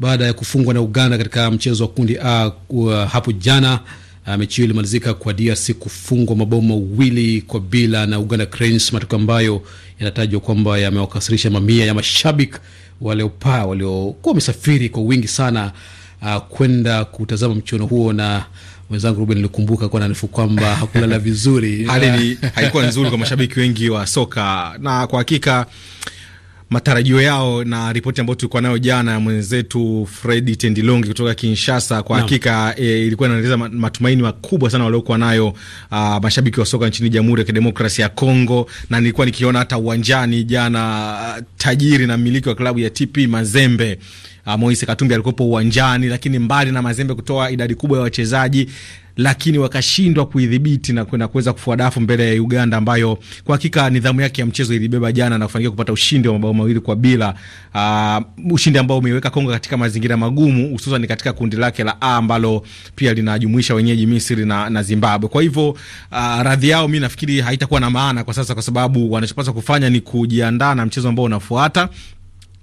baada ya kufungwa na Uganda katika mchezo wa kundi A uh, hapo jana. Uh, mechi hiyo ilimalizika kwa DRC kufungwa mabao mawili kwa bila na Uganda Cranes, matokeo ambayo yanatajwa kwamba yamewakasirisha mamia ya mashabiki waliopaa waliokuwa wamesafiri kwa wingi sana uh, kwenda kutazama mchuano huo na mwenzangu Ruben likumbuka kuwa nanifu kwamba hakulala vizuri hali haikuwa nzuri kwa mashabiki wengi wa soka na kwa hakika matarajio yao na ripoti ambayo tulikuwa nayo jana ya mwenzetu Fredi Tendilongi kutoka Kinshasa. Kwa hakika e, ilikuwa inaeleza matumaini makubwa sana waliokuwa nayo a, mashabiki wa soka nchini Jamhuri ya Kidemokrasia ya Kongo, na nilikuwa nikiona hata uwanjani jana tajiri na mmiliki wa klabu ya TP Mazembe uh, Moise Katumbi alikuwepo uwanjani, lakini mbali na Mazembe kutoa idadi kubwa ya wachezaji lakini wakashindwa kuidhibiti na kuweza kufua dafu mbele ya Uganda ambayo kwa hakika nidhamu yake ya mchezo ilibeba jana na kufanikiwa kupata ushindi wa mabao mawili kwa bila. Uh, ushindi ambao umeiweka Kongo katika mazingira magumu hususan katika kundi lake la A ambalo pia linajumuisha wenyeji Misri na, na Zimbabwe. Kwa hivyo uh, radhi yao mimi nafikiri haitakuwa na maana kwa sasa, kwa sababu wanachopaswa kufanya ni kujiandaa na mchezo ambao unafuata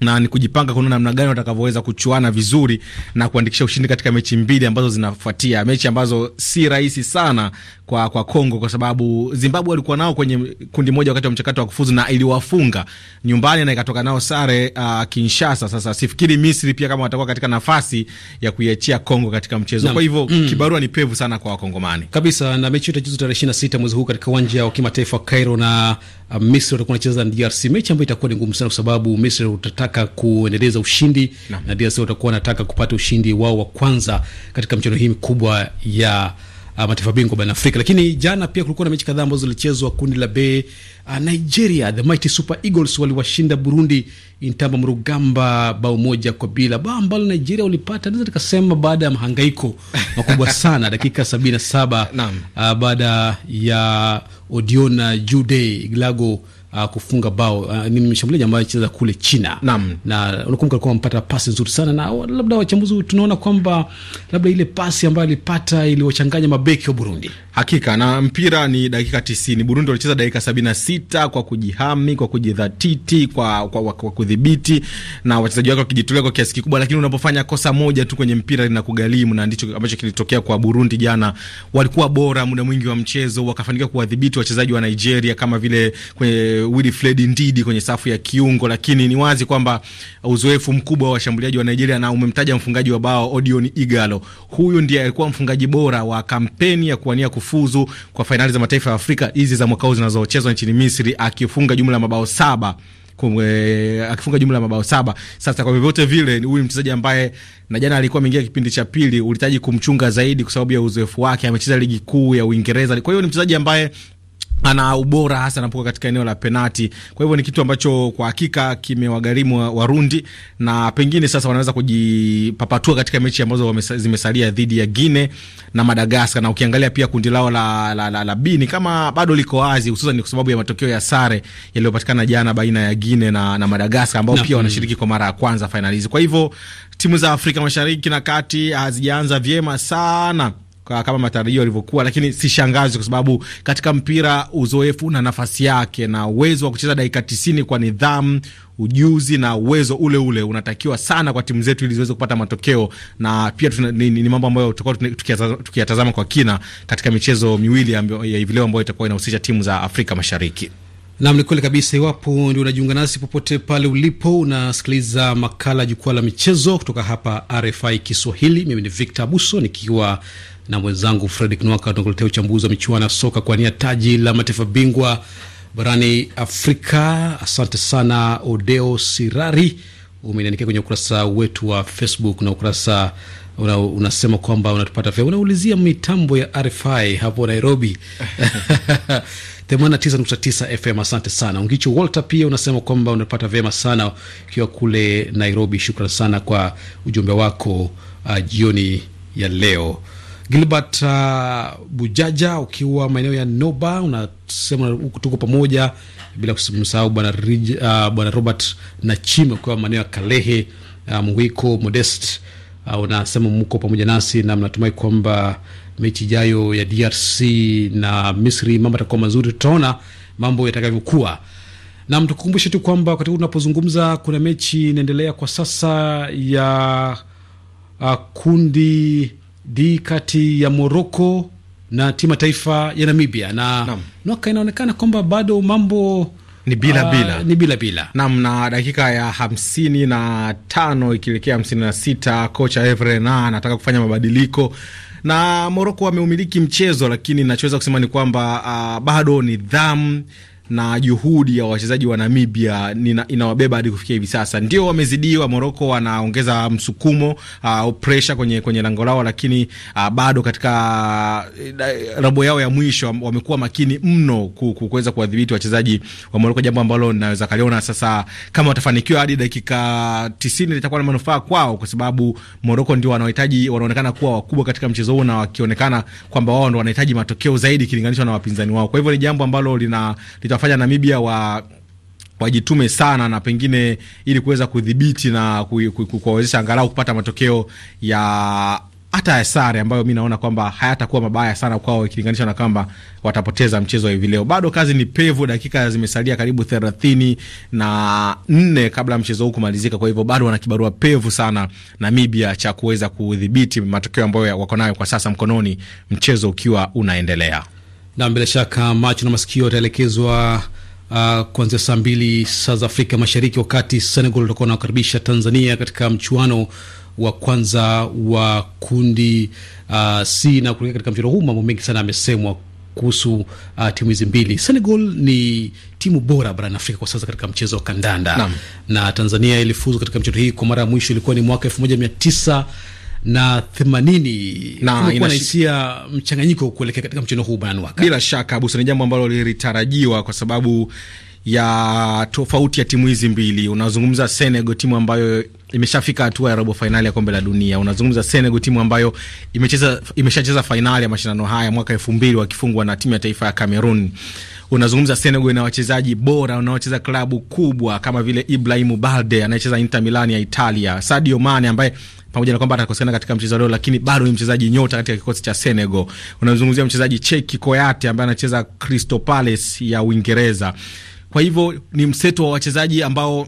na ni kujipanga kuona namna gani watakavyoweza kuchuana vizuri na kuandikisha ushindi katika mechi mbili ambazo zinafuatia, mechi ambazo si rahisi sana kwa kwa Kongo, kwa sababu Zimbabwe walikuwa nao kwenye kundi moja wakati wa mchakato wa kufuzu na iliwafunga nyumbani na ikatoka nao sare uh, Kinshasa. Sasa sifikiri Misri pia kama watakuwa katika nafasi ya kuiachia Kongo katika mchezo. Kwa hivyo mm, kibarua ni pevu sana kwa Wakongomani kabisa, na mechi itachezwa tarehe 26 mwezi huu katika uwanja wa kimataifa Cairo na uh, Misri watakuwa wanacheza na DRC, mechi ambayo itakuwa ni ngumu sana kwa sababu Misri utataka kuendeleza ushindi na, na DRC watakuwa wanataka kupata ushindi wao wa kwanza katika mchezo hii mikubwa ya uh, mataifa bingwa barani Afrika. Lakini jana pia kulikuwa na mechi kadhaa ambazo zilichezwa kundi la B Uh, Nigeria, the mighty Super Eagles waliwashinda Burundi Intamba Mrugamba bao moja kwa bila, bao ambalo Nigeria walipata naweza tukasema baada ya mahangaiko makubwa sana dakika sabini na saba uh, baada ya Odiona Jude glago uh, kufunga bao uh, ni mshambuliaji ambaye anacheza kule China Nam. na unakumbuka alikuwa amepata pasi nzuri sana, na uh, labda wachambuzi tunaona kwamba labda ile pasi ambayo alipata iliwachanganya mabeki wa Burundi. Hakika na mpira ni dakika tisini. Burundi walicheza dakika sabini na sita kwa kujihami, kwa kujidhatiti, kwa, kwa, kwa kwa kudhibiti na wachezaji wake wakijitolea kwa kiasi kikubwa, lakini unapofanya kosa moja tu kwenye mpira linakugalimu, na ndicho ambacho kilitokea kwa Burundi jana. Walikuwa bora muda mwingi wa mchezo, wakafanikiwa kuwadhibiti wachezaji wa Nigeria kama vile kwenye Wilfred Ndidi kwenye safu ya kiungo, lakini ni wazi kwamba uzoefu mkubwa wa washambuliaji wa Nigeria, na umemtaja mfungaji wa bao Odion Igalo, huyu ndiye alikuwa mfungaji bora wa kampeni ya kuwania kufuzu kwa fainali za mataifa ya Afrika hizi za mwaka huu zinazochezwa nchini Misri, akifunga jumla ya mabao saba Kumwe, akifunga jumla ya mabao saba. Sasa kwa vyovyote vile, huyu mchezaji ambaye na jana alikuwa ameingia kipindi cha pili, ulihitaji kumchunga zaidi kwa sababu ya uzoefu wake. Amecheza ligi kuu ya Uingereza, kwa hiyo ni mchezaji ambaye ana ubora hasa anapokuwa katika eneo la penati. Kwa hivyo ni kitu ambacho kwa hakika kimewagharimu Warundi na pengine sasa wanaweza kujipapatua katika mechi ambazo zimesalia dhidi ya Guine na Madagaskar. Na ukiangalia pia kundi lao la, la, la, la B ni kama bado liko wazi, hususan kwa sababu ya matokeo ya sare yaliyopatikana jana baina ya Guine na, na Madagaskar ambao pia mm. wanashiriki kwa mara ya kwanza fainali hizi. Kwa hivyo timu za Afrika Mashariki na Kati hazijaanza vyema sana kama matarajio yalivyokuwa, lakini sishangazi kwa sababu katika mpira uzoefu na nafasi yake na uwezo wa kucheza dakika tisini kwa nidhamu, ujuzi na uwezo ule ule unatakiwa sana kwa timu zetu ili ziweze kupata matokeo, na pia tuna, ni, ni ni mambo ambayo tutakuwa tukiyatazama kwa kina katika michezo miwili ya hivi leo ambayo itakuwa inahusisha timu za Afrika Mashariki. Nam, ni kweli kabisa. Iwapo ndio unajiunga nasi popote pale ulipo, unasikiliza makala ya Jukwaa la Michezo kutoka hapa RFI Kiswahili. Mimi ni Victor Abuso nikiwa na mwenzangu Fredrick Nwaka tunakuletea uchambuzi wa michuano ya soka kwa nia taji la mataifa bingwa barani Afrika. Asante sana Odeo Sirari, umeniandikia kwenye ukurasa wetu wa Facebook na ukurasa una, unasema kwamba unatupata vya, unaulizia mitambo ya RFI hapo Nairobi 89.9 FM. Asante sana Ungicho Walter, pia unasema kwamba unapata vyema sana ukiwa kule Nairobi. Shukran sana kwa ujumbe wako uh, jioni ya leo. Gilbert uh, Bujaja ukiwa maeneo ya Noba unasema huku tuko pamoja, bila kumsahau bwana uh, bwana Robert Nachime ukiwa maeneo ya Kalehe uh, Mwiko Modest uh, unasema mko pamoja nasi na mnatumai kwamba mechi ijayo ya DRC na Misri mambo yatakuwa mazuri, tutaona mambo yatakavyokuwa. Nam, tukukumbushe tu kwamba wakati huu tunapozungumza kuna mechi inaendelea kwa sasa ya uh, kundi di kati ya Moroko na timu taifa ya Namibia na Nam. noka inaonekana kwamba bado mambo ni bila ah, bila, ni bila bila. nam na dakika ya hamsini na tano ikielekea hamsini na sita kocha Evre na anataka kufanya mabadiliko na Moroko wameumiliki mchezo, lakini nachoweza kusema ni kwamba uh, bado nidhamu na juhudi ya wachezaji wa Namibia inawabeba hadi kufikia hivi sasa. Ndio wamezidiwa, Moroko wanaongeza msukumo au uh, presha kwenye, kwenye lango lao, lakini uh, bado katika uh, robo yao ya mwisho wamekuwa makini mno kuweza kuwadhibiti wachezaji wa Moroko, jambo ambalo naweza kaliona sasa kama watafanikiwa hadi dakika tisini litakuwa na manufaa kwao, kwa sababu Moroko ndio wanahitaji, wanaonekana kuwa wakubwa katika mchezo huu na wakionekana kwamba wao ndo wanahitaji matokeo zaidi ikilinganishwa na wapinzani wao. Kwa hivyo ni jambo ambalo lina lina itafanya Namibia wa wajitume sana na pengine ili kuweza kudhibiti na kuwawezesha angalau kupata matokeo ya hata ya sare ambayo mi naona kwamba hayatakuwa mabaya sana kwao ikilinganishwa na kwamba watapoteza mchezo wa hivi leo. Bado kazi ni pevu, dakika zimesalia karibu thelathini na nne kabla mchezo huu kumalizika. Kwa hivyo bado wana kibarua pevu sana Namibia cha kuweza kudhibiti matokeo ambayo wako nayo kwa sasa mkononi, mchezo ukiwa unaendelea. Na bila shaka macho na masikio yataelekezwa uh, kuanzia saa mbili saa za Afrika Mashariki, wakati Senegal utakuwa nawakaribisha Tanzania katika mchuano wa kwanza wa kundi uh, C na kuelekea katika mchuano huu mambo mengi sana yamesemwa kuhusu uh, timu hizi mbili. Senegal ni timu bora barani Afrika kwa sasa katika mchezo wa kandanda na, na Tanzania ilifuzu katika mchezo hii kwa mara ya mwisho ilikuwa ni mwaka elfu moja mia tisa na themanini na inahisia mchanganyiko kuelekea katika mchezo huu barani Ulaya. Bila shaka Abuso, ni jambo ambalo lilitarajiwa kwa sababu ya tofauti ya timu hizi mbili. Unazungumza Senegal, timu ambayo imeshafika hatua ya robo fainali ya kombe la dunia. Unazungumza Senegal, timu ambayo imecheza imeshacheza fainali ya mashindano haya mwaka elfu mbili wakifungwa na timu ya taifa ya Cameroon. Unazungumza Senegal ina wachezaji bora wanaocheza klabu kubwa kama vile Ibrahim Balde anayecheza Inter Milan ya Italia, Sadio Mane ambaye pamoja na kwamba atakosekana katika mchezo leo, lakini bado ni mchezaji nyota katika kikosi cha Senegal. Unazungumzia mchezaji Cheki Koyate ambaye anacheza Crystal Palace ya Uingereza. Kwa hivyo ni mseto wa wachezaji ambao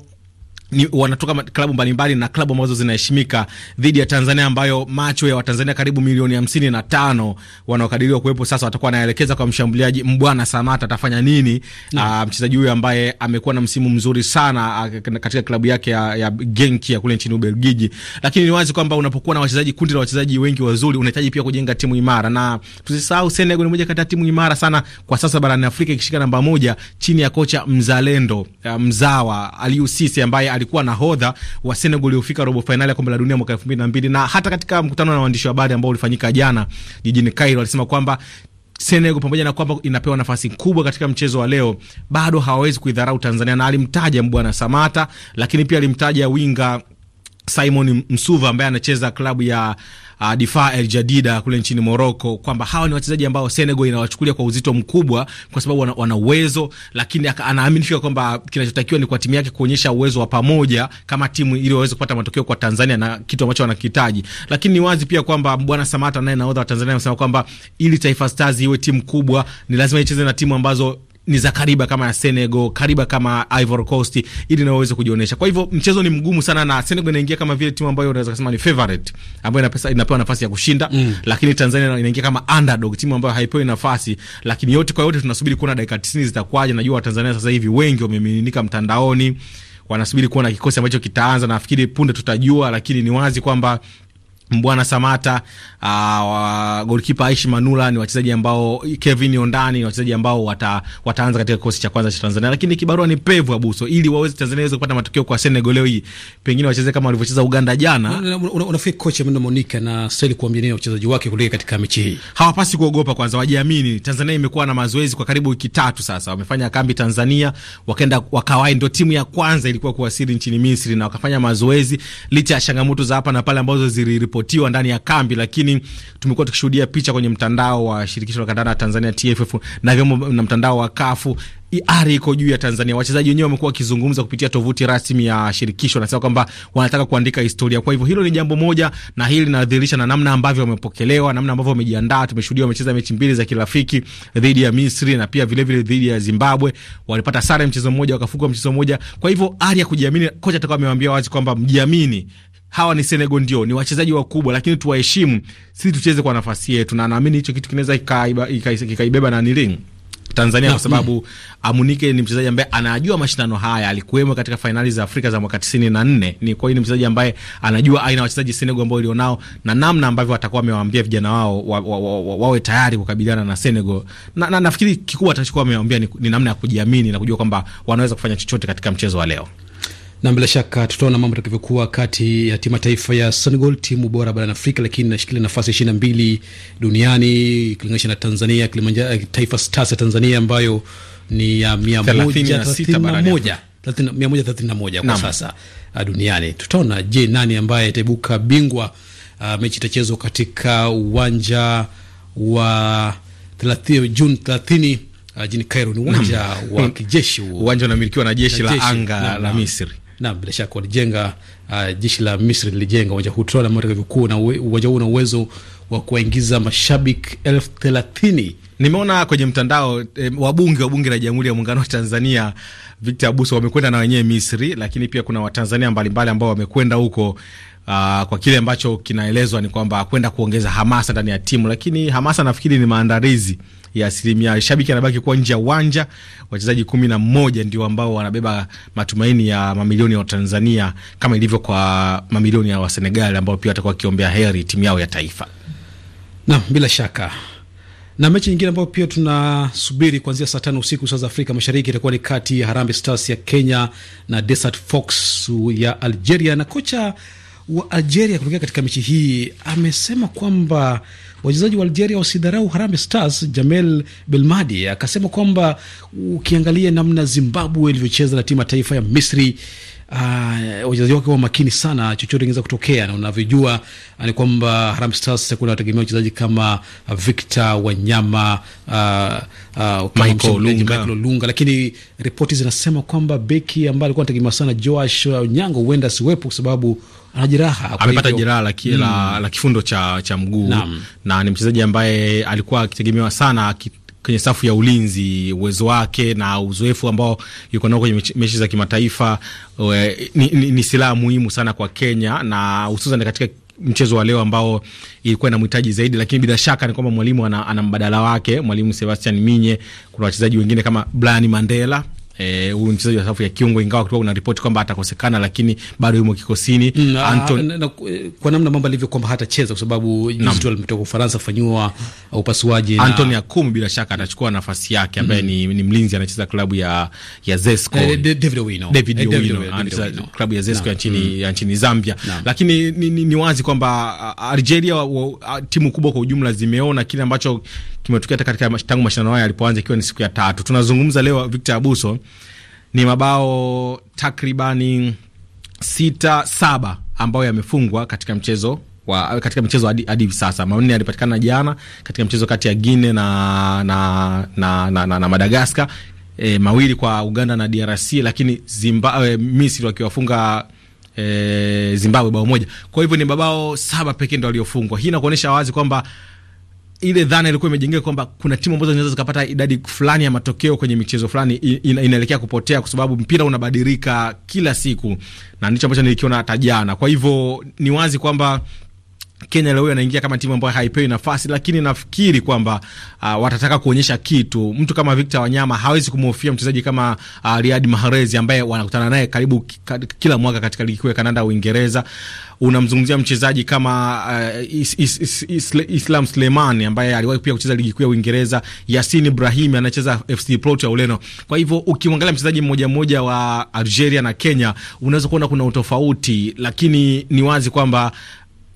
ni, wanatoka klabu mbalimbali na klabu ambazo zinaheshimika dhidi ya Tanzania ambayo macho ya Watanzania karibu milioni hamsini na tano wanaokadiriwa kuwepo sasa watakuwa wanaelekeza kwa mshambuliaji Mbwana Samata atafanya nini? Yeah. Uh, mchezaji huyo ambaye amekuwa na msimu mzuri sana uh, katika klabu yake ya, ya Genki ya kule nchini Ubelgiji, lakini ni wazi kwamba unapokuwa na wachezaji kundi la wachezaji wengi wazuri unahitaji pia kujenga timu imara, na tusisahau Senegal ni moja kati ya timu imara sana kwa sasa barani Afrika ikishika namba moja chini ya kocha mzalendo uh, mzawa Aliou Cisse ambaye alikuwa nahodha wa Senegal iliyofika robo fainali ya kombe la dunia mwaka mbili na hata katika mkutano na waandishi wa habari ambao ulifanyika jana jijini Cairo alisema kwamba Senegal pamoja na kwamba inapewa nafasi kubwa katika mchezo wa leo bado hawawezi kuidharau Tanzania, na alimtaja Mbwana Samata, lakini pia alimtaja winga Simon Msuva ambaye anacheza klabu ya uh, Difa El Jadida kule nchini Morocco kwamba hawa ni wachezaji ambao Senegal inawachukulia kwa uzito mkubwa kwa sababu wana, wana uwezo, lakini anaamini kwamba kinachotakiwa ni kwa timu yake kuonyesha uwezo wa pamoja kama timu ili waweze kupata matokeo kwa Tanzania na kitu ambacho wanakihitaji. Lakini ni wazi pia kwamba bwana Samata naye nahodha wa Tanzania amesema kwamba ili Taifa Stars iwe timu kubwa ni lazima icheze na timu ambazo ni za kariba kama ya Senegal, kariba kama Ivory Coast, ili na waweze kujionyesha. Kwa hivyo mchezo ni mgumu sana, na Senegal inaingia kama vile timu ambayo unaweza kusema ni favorite, ambayo inapesa inapewa nafasi ya kushinda mm. Lakini Tanzania inaingia kama underdog, timu ambayo haipewi nafasi. Lakini yote kwa yote tunasubiri kuona dakika 90 zitakuwaje. Najua Watanzania sasa hivi wengi wamemiminika mtandaoni wanasubiri kuona kikosi ambacho kitaanza. Nafikiri punde tutajua, lakini ni wazi kwamba Mbwana Samata uh, ah, golkipa Aishi Manula ni wachezaji ambao, Kevin Ondani ni wachezaji ambao wata, wataanza katika kikosi cha kwanza cha Tanzania, lakini kibarua ni pevu abuso, ili waweze Tanzania iweze kupata matokeo kwa Senegal leo hii, pengine wacheze kama walivyocheza Uganda jana. Unafikiri kocha Mendo Monika na stahili kuambia nini wachezaji wake kuelekea katika mechi hii? Hawapasi kuogopa, kwanza wajiamini. Tanzania imekuwa na mazoezi kwa karibu wiki tatu sasa, wamefanya kambi Tanzania, wakaenda wakawai, ndio timu ya kwanza ilikuwa kuwasili nchini Misri na wakafanya mazoezi licha ya changamoto za hapa na pale ambazo zili kuripotiwa ndani ya kambi, lakini tumekuwa tukishuhudia picha kwenye mtandao wa shirikisho la kandanda Tanzania TFF na vyombo na mtandao wa kafu ari e iko juu ya Tanzania. Wachezaji wenyewe wamekuwa wakizungumza kupitia tovuti rasmi ya shirikisho, wanasema kwamba wanataka kuandika historia. Kwa hivyo hilo ni jambo moja, na hili linadhihirisha na namna ambavyo wamepokelewa, namna ambavyo wamejiandaa. Tumeshuhudia wamecheza mechi mbili za kirafiki dhidi ya Misri na pia vilevile dhidi ya Zimbabwe. Walipata sare mchezo mmoja, wakafukwa mchezo mmoja. Kwa hivyo ari ya kujiamini, kocha atakuwa amewaambia wazi kwamba mjiamini, hawa ni Senegal, ndio ni wachezaji wakubwa, lakini tuwaheshimu, sisi tucheze kwa nafasi yetu, na naamini hicho kitu kinaweza kikaibeba na nilin Tanzania kwa mm-hmm. sababu Amunike ni mchezaji ambaye anajua mashindano haya, alikuwemo katika fainali za Afrika za mwaka tisini na nne. Ni kwa hiyo ni mchezaji ambaye anajua aina ya wachezaji Senegal ambao walionao na namna ambavyo watakuwa wamewaambia vijana wao wawe wa, wa, wa, wa tayari kukabiliana na Senegal. Na, na nafikiri kikubwa atachokuwa amewaambia ni, ni namna ya kujiamini na kujua kwamba wanaweza kufanya chochote katika mchezo wa leo na bila shaka tutaona mambo takivyokuwa kati ya timu taifa ya Senegal, timu bora barani Afrika, lakini inashikilia nafasi ishirini na mbili duniani ikilinganisha na Tanzania, eh, Taifa Stars ya Tanzania ambayo ni ya mia moja thelathini na moja 131 kwa sasa ah, duniani. Tutaona je, nani ambaye ataibuka bingwa? Uh, mechi itachezwa katika uwanja wa 30, Juni 30 jini Cairo. Ni uwanja wa kijeshi, uwanja unamilikiwa na jeshi la anga la Misri na bila shaka walijenga uh, jeshi la Misri lilijenga uwanja huu. Tunaona Amerika vikuu na uwanja huu una uwezo wa kuwaingiza mashabiki elfu thelathini. Nimeona kwenye mtandao e, wabunge wa bunge la Jamhuri ya Muungano wa Tanzania Victor Abuso wamekwenda na wenyewe Misri, lakini pia kuna Watanzania mbalimbali ambao wamekwenda huko uh, kwa kile ambacho kinaelezwa ni kwamba kwenda kuongeza hamasa ndani ya timu, lakini hamasa nafikiri ni maandalizi ya asilimia. Shabiki anabaki kuwa nje ya uwanja. Wachezaji kumi na moja ndio ambao wanabeba matumaini ya mamilioni ya Watanzania, kama ilivyo kwa mamilioni ya Wasenegal ambao pia watakuwa wakiombea heri timu yao ya taifa. Naam, bila shaka na mechi nyingine ambayo pia tunasubiri kuanzia saa tano usiku saa za Afrika Mashariki itakuwa ni kati ya Harambee Stars ya Kenya na Desert Fox ya Algeria, na kocha wa Algeria kutokea katika mechi hii amesema kwamba wachezaji wa Algeria wasidharau Harambee Stars. Jamel Belmadi akasema kwamba ukiangalia namna Zimbabwe ilivyocheza na timu ya taifa ya Misri uh, wachezaji wake wa makini sana, chochote ingeweza kutokea, na unavyojua ah, ni kwamba Harambee Stars kuna wategemea wachezaji kama Victor Wanyama, uh, uh, Michael Lunga. lakini ripoti zinasema kwamba beki ambaye alikuwa anategemewa sana Joash Onyango huenda asiwepo kwa sababu ana amepata jeraha la, mm. la, la kifundo cha, cha mguu na, na ni mchezaji ambaye alikuwa akitegemewa sana kwenye safu ya ulinzi, uwezo wake na uzoefu ambao yuko nao kwenye mechi za kimataifa ni, ni, ni silaha muhimu sana kwa Kenya na hususan katika mchezo wa leo ambao ilikuwa mhitaji zaidi, lakini bila shaka ni kwamba mwalimu ana, ana mbadala wake, mwalimu Sebastian Minye. Kuna wachezaji wengine kama Brian Mandela eh, huyu mchezaji wa safu ya kiungo, ingawa kutoka kuna ripoti kwamba atakosekana, lakini bado yumo kikosini na, mm, ah, Anton... na, na, eh, kwa namna mambo alivyo kwamba hatacheza kwa sababu juzi alimetoka Ufaransa kufanyiwa upasuaji na... Anthony Akumu bila shaka atachukua nafasi yake ambaye mm. ni, ni mlinzi anacheza klabu ya ya Zesco eh, David Owino, David eh, Owino anacheza klabu ya Zesco ya nchini mm. ya nchini Zambia na. Lakini ni, ni, ni wazi kwamba Algeria wa, wa, timu kubwa kwa ujumla zimeona kile ambacho kimetokea katika tangu mashindano haya yalipoanza, ikiwa ni siku ya tatu. Tunazungumza leo, Victor Abuso, ni mabao takribani sita saba ambayo yamefungwa katika mchezo wa, katika mchezo hadi hivi sasa. Manne yalipatikana jana katika mchezo kati ya Guine na, na, na, na, na, na Madagaskar. E, mawili kwa Uganda na DRC, lakini Zimbabwe, Misri wakiwafunga e, Zimbabwe bao moja. Kwa hivyo ni mabao saba pekee ndo waliofungwa. Hii inakuonyesha wazi kwamba ile dhana ilikuwa imejengeka kwamba kuna timu ambazo zinaweza zikapata idadi fulani ya matokeo kwenye michezo fulani in, inaelekea kupotea kwa sababu mpira unabadilika kila siku, na ndicho ambacho nilikiona hata jana. Kwa hivyo ni wazi kwamba Kenya leo anaingia kama timu ambayo haipewi nafasi, lakini nafikiri kwamba uh, watataka kuonyesha kitu. Mtu kama Victor Wanyama hawezi kumhofia mchezaji kama uh, Riyad Mahrez ambaye wanakutana naye karibu kila mwaka katika ligi kuu ya Kanada Uingereza. Unamzungumzia mchezaji kama uh, is, is, is, is, Islam Slimani ambaye aliwahi pia kucheza ligi kuu ya Uingereza. Yasin Ibrahim anacheza FC Porto ya Ureno. Kwa hivyo ukimwangalia mchezaji mmoja mmoja wa Algeria na Kenya unaweza kuona kuna utofauti, lakini ni wazi kwamba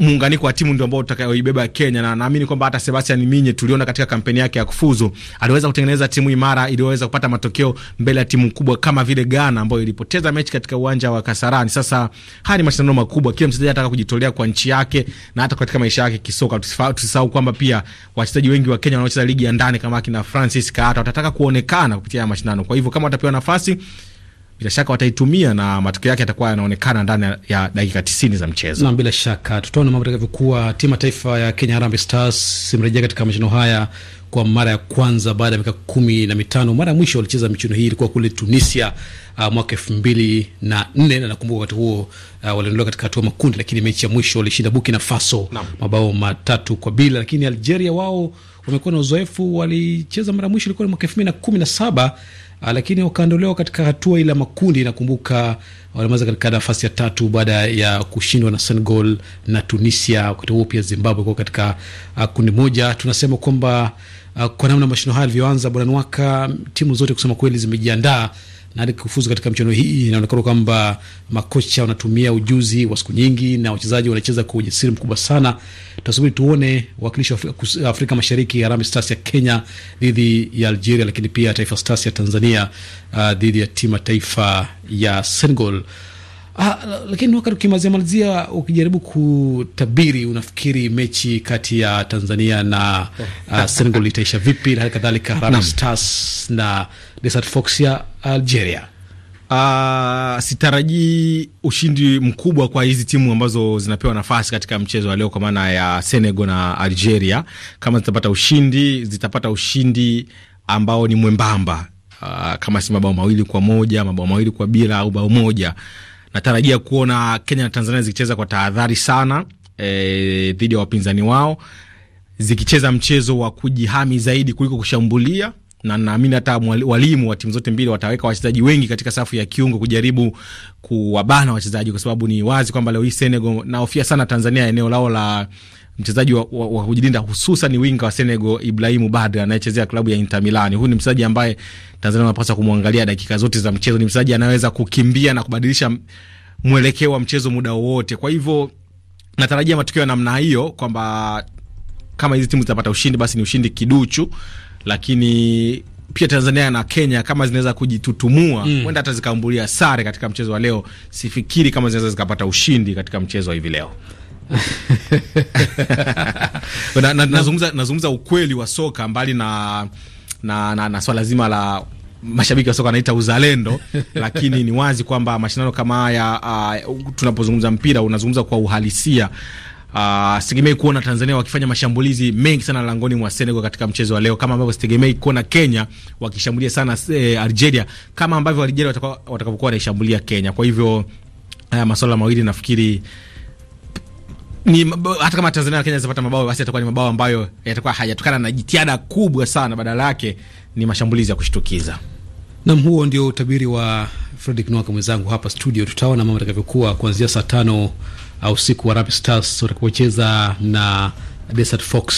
muunganiko wa timu ndio ambao utakayoibeba Kenya, na naamini kwamba hata Sebastian Minye tuliona katika kampeni yake ya kufuzu aliweza kutengeneza timu imara iliyoweza kupata matokeo mbele ya timu kubwa kama vile Ghana ambayo ilipoteza mechi katika uwanja wa Kasarani. Sasa haya ni mashindano makubwa, kila mchezaji anataka kujitolea kwa nchi yake na hata katika maisha yake kisoka. Tusisahau kwamba pia wachezaji wengi wa Kenya wanaocheza ligi ya ndani kama akina Francis Kaata watataka kuonekana kupitia mashindano, kwa hivyo kama watapewa nafasi bila shaka wataitumia na matokeo yake yatakuwa yanaonekana ndani ya dakika tisini za mchezo. Naam, bila shaka tutaona mambo takavyokuwa. Timu ya taifa ya Kenya Harambee Stars imerejea katika mashindano haya kwa mara ya kwanza baada ya miaka kumi na mitano. Mara ya mwisho walicheza michuano hii ilikuwa kule Tunisia uh, mwaka elfu mbili na nne na nakumbuka wakati huo uh, waliondolewa katika hatua makundi, lakini mechi ya mwisho walishinda Burkina Faso mabao matatu kwa bila. Lakini Algeria wao wamekuwa na uzoefu, walicheza mara ya mwisho ilikuwa mwaka elfu mbili na kumi na saba Ah, lakini wakaondolewa katika hatua ile makundi. Nakumbuka walimaliza katika nafasi ya tatu baada ya kushindwa na Senegal na Tunisia. Wakati huo pia Zimbabwe kwa katika uh, kundi moja. Tunasema kwamba uh, kwa namna mashindano haya yalivyoanza, bwana Nwaka, timu zote kusema kweli zimejiandaa na kufuzu katika michuano hii. Inaonekana kwamba makocha wanatumia ujuzi wa siku nyingi na wachezaji wanacheza kwa ujasiri mkubwa sana. Tutasubiri tuone wakilishi wa Afrika, Afrika Mashariki, Harambee Stars ya Kenya dhidi ya Algeria, lakini pia Taifa Stars ya Tanzania uh, dhidi ya timu taifa ya Senegal. Ah, lakini wakati ukimalizia ukijaribu kutabiri, unafikiri mechi kati ya Tanzania na uh, Senegal itaisha vipi, na hali kadhalika Harambee Stars na Desert Fox ya Algeria? Uh, sitarajii ushindi mkubwa kwa hizi timu ambazo zinapewa nafasi katika mchezo wa leo, kwa maana ya Senegal na Algeria. Kama zitapata ushindi, zitapata ushindi ambao ni mwembamba, uh, kama si mabao mawili kwa moja, mabao mawili kwa bila au bao moja natarajia kuona Kenya na Tanzania zikicheza kwa tahadhari sana e, dhidi ya wapinzani wao zikicheza mchezo wa kujihami zaidi kuliko kushambulia na naamini hata walimu wa timu zote mbili wataweka wachezaji wengi katika safu ya kiungo kujaribu kuwabana wachezaji, kwa sababu ni wazi kwamba leo hii Senegal naofia sana Tanzania eneo lao la mchezaji wa, wa, wa kujilinda hususan winga wa Senegal Ibrahimu Badr anayechezea klabu ya Inter Milan. Huyu ni mchezaji ambaye Tanzania wanapaswa kumwangalia dakika zote za mchezo. Ni mchezaji anaweza kukimbia na kubadilisha mwelekeo wa mchezo muda wowote. Kwa hivyo natarajia matukio ya namna hiyo kwamba kama hizi timu zitapata ushindi basi ni ushindi kiduchu, lakini pia Tanzania na Kenya kama zinaweza kujitutumua mm. huenda mm, hata zikaambulia sare katika mchezo wa leo. Sifikiri kama zinaweza zikapata ushindi katika mchezo wa hivi leo. na, na, na nazungumza ukweli wa soka mbali na, na, na, na swala zima la mashabiki wa soka anaita uzalendo lakini ni wazi kwamba mashindano kama haya uh, tunapozungumza mpira unazungumza kwa uhalisia. Uh, sitegemei kuona Tanzania wakifanya mashambulizi mengi sana langoni mwa Senegal katika mchezo wa leo, kama ambavyo sitegemei kuona Kenya wakishambulia sana eh, Algeria kama ambavyo Algeria watakapokuwa watakuwa wanaishambulia Kenya. Kwa hivyo haya masuala mawili nafikiri ni hata kama Tanzania na Kenya zipata mabao basi yatakuwa ni mabao ambayo yatakuwa hayatokana na jitihada kubwa sana, badala yake ni mashambulizi ya kushtukiza. Nam, huo ndio utabiri wa Fredrick Nwaka mwenzangu hapa studio. Tutaona mambo atakavyokuwa kuanzia saa tano uh, usiku Rapid Stars watakapocheza na Desert Fox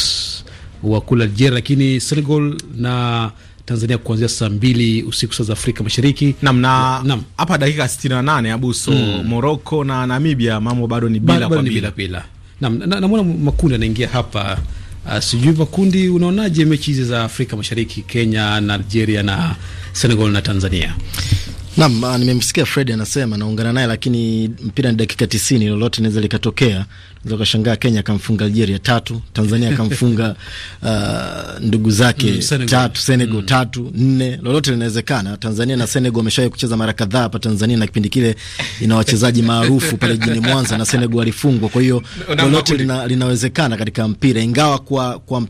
wa kule Algeria, lakini Senegal na Tanzania kuanzia saa mbili usiku saa za Afrika Mashariki. Naam, na hapa dakika nane abuso mm. Moroko na Namibia mambo bado ni bila kwa bila bila. na, namwona makundi anaingia hapa uh, sijui makundi, unaonaje mechi hizi za Afrika Mashariki, Kenya na Algeria na Senegal na Tanzania? Naam, ah, nimemsikia Fred anasema naungana naye, lakini mpira ni dakika tisini, lolote inaweza likatokea. Unaweza ukashangaa Kenya akamfunga Algeria tatu, Tanzania akamfunga uh, ndugu zake mm, Senegal. tatu Senegal mm. tatu nne, lolote linawezekana. Tanzania na Senegal wameshawahi kucheza mara kadhaa hapa Tanzania, na kipindi kile ina wachezaji maarufu pale jijini Mwanza na Senegal walifungwa. Kwa hiyo lolote lina, linawezekana katika mpira, ingawa kwa, kwa,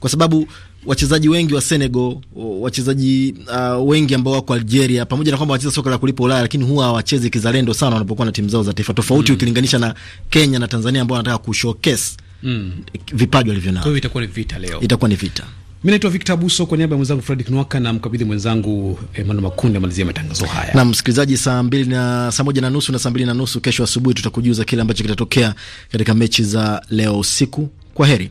kwa sababu wachezaji wengi wa Senegal, wachezaji uh, wengi ambao wako Algeria, pamoja na kwamba wanacheza soka la kulipa Ulaya, lakini huwa hawachezi kizalendo sana wanapokuwa na timu zao za taifa tofauti, mm. ukilinganisha na Kenya na Tanzania ambao wanataka kushowcase mm. vipaji walivyo nao. itakuwa ni vita leo, itakuwa ni vita. Mi naitwa Victor Buso kwa niaba ya mwenzangu Fredrick Nwaka na mkabidhi mwenzangu Emmanuel Makundi amalizia matangazo haya. Na msikilizaji, saa mbili na saa moja na nusu na saa mbili na nusu kesho asubuhi tutakujuza kile ambacho kitatokea katika mechi za leo usiku. Kwa heri.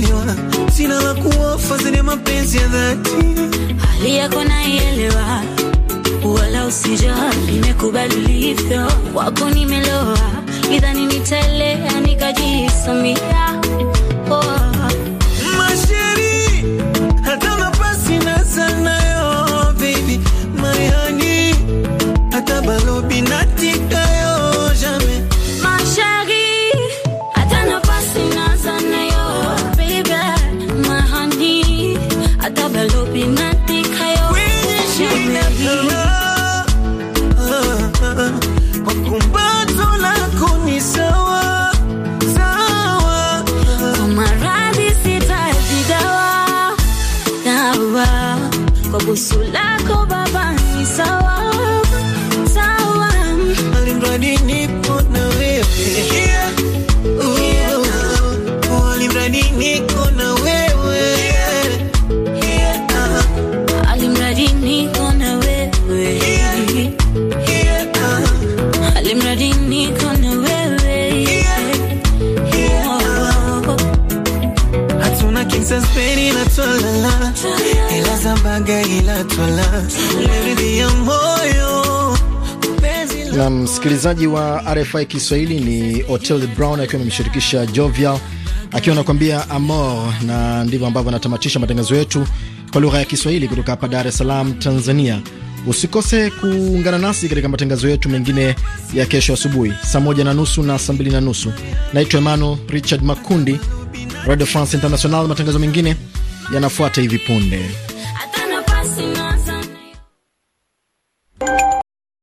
niliona, sina la kuofa zaidi mapenzi ya dhati. Hali yako naielewa, wala usijali, nimekubali hivyo, wako nimeloa, idhani nitaelea, nikajisomia na msikilizaji wa RFI Kiswahili ni Hotel Brown akiwa amemshirikisha Jovial akiwa anakuambia amor, na ndivyo ambavyo anatamatisha matangazo yetu kwa lugha ya Kiswahili kutoka hapa Dar es Salaam, Tanzania. Usikose kuungana nasi katika matangazo yetu mengine ya kesho asubuhi saa moja na nusu na saa mbili na nusu. Naitwa Emmanuel Richard Makundi, Radio France International. Matangazo mengine yanafuata hivi punde.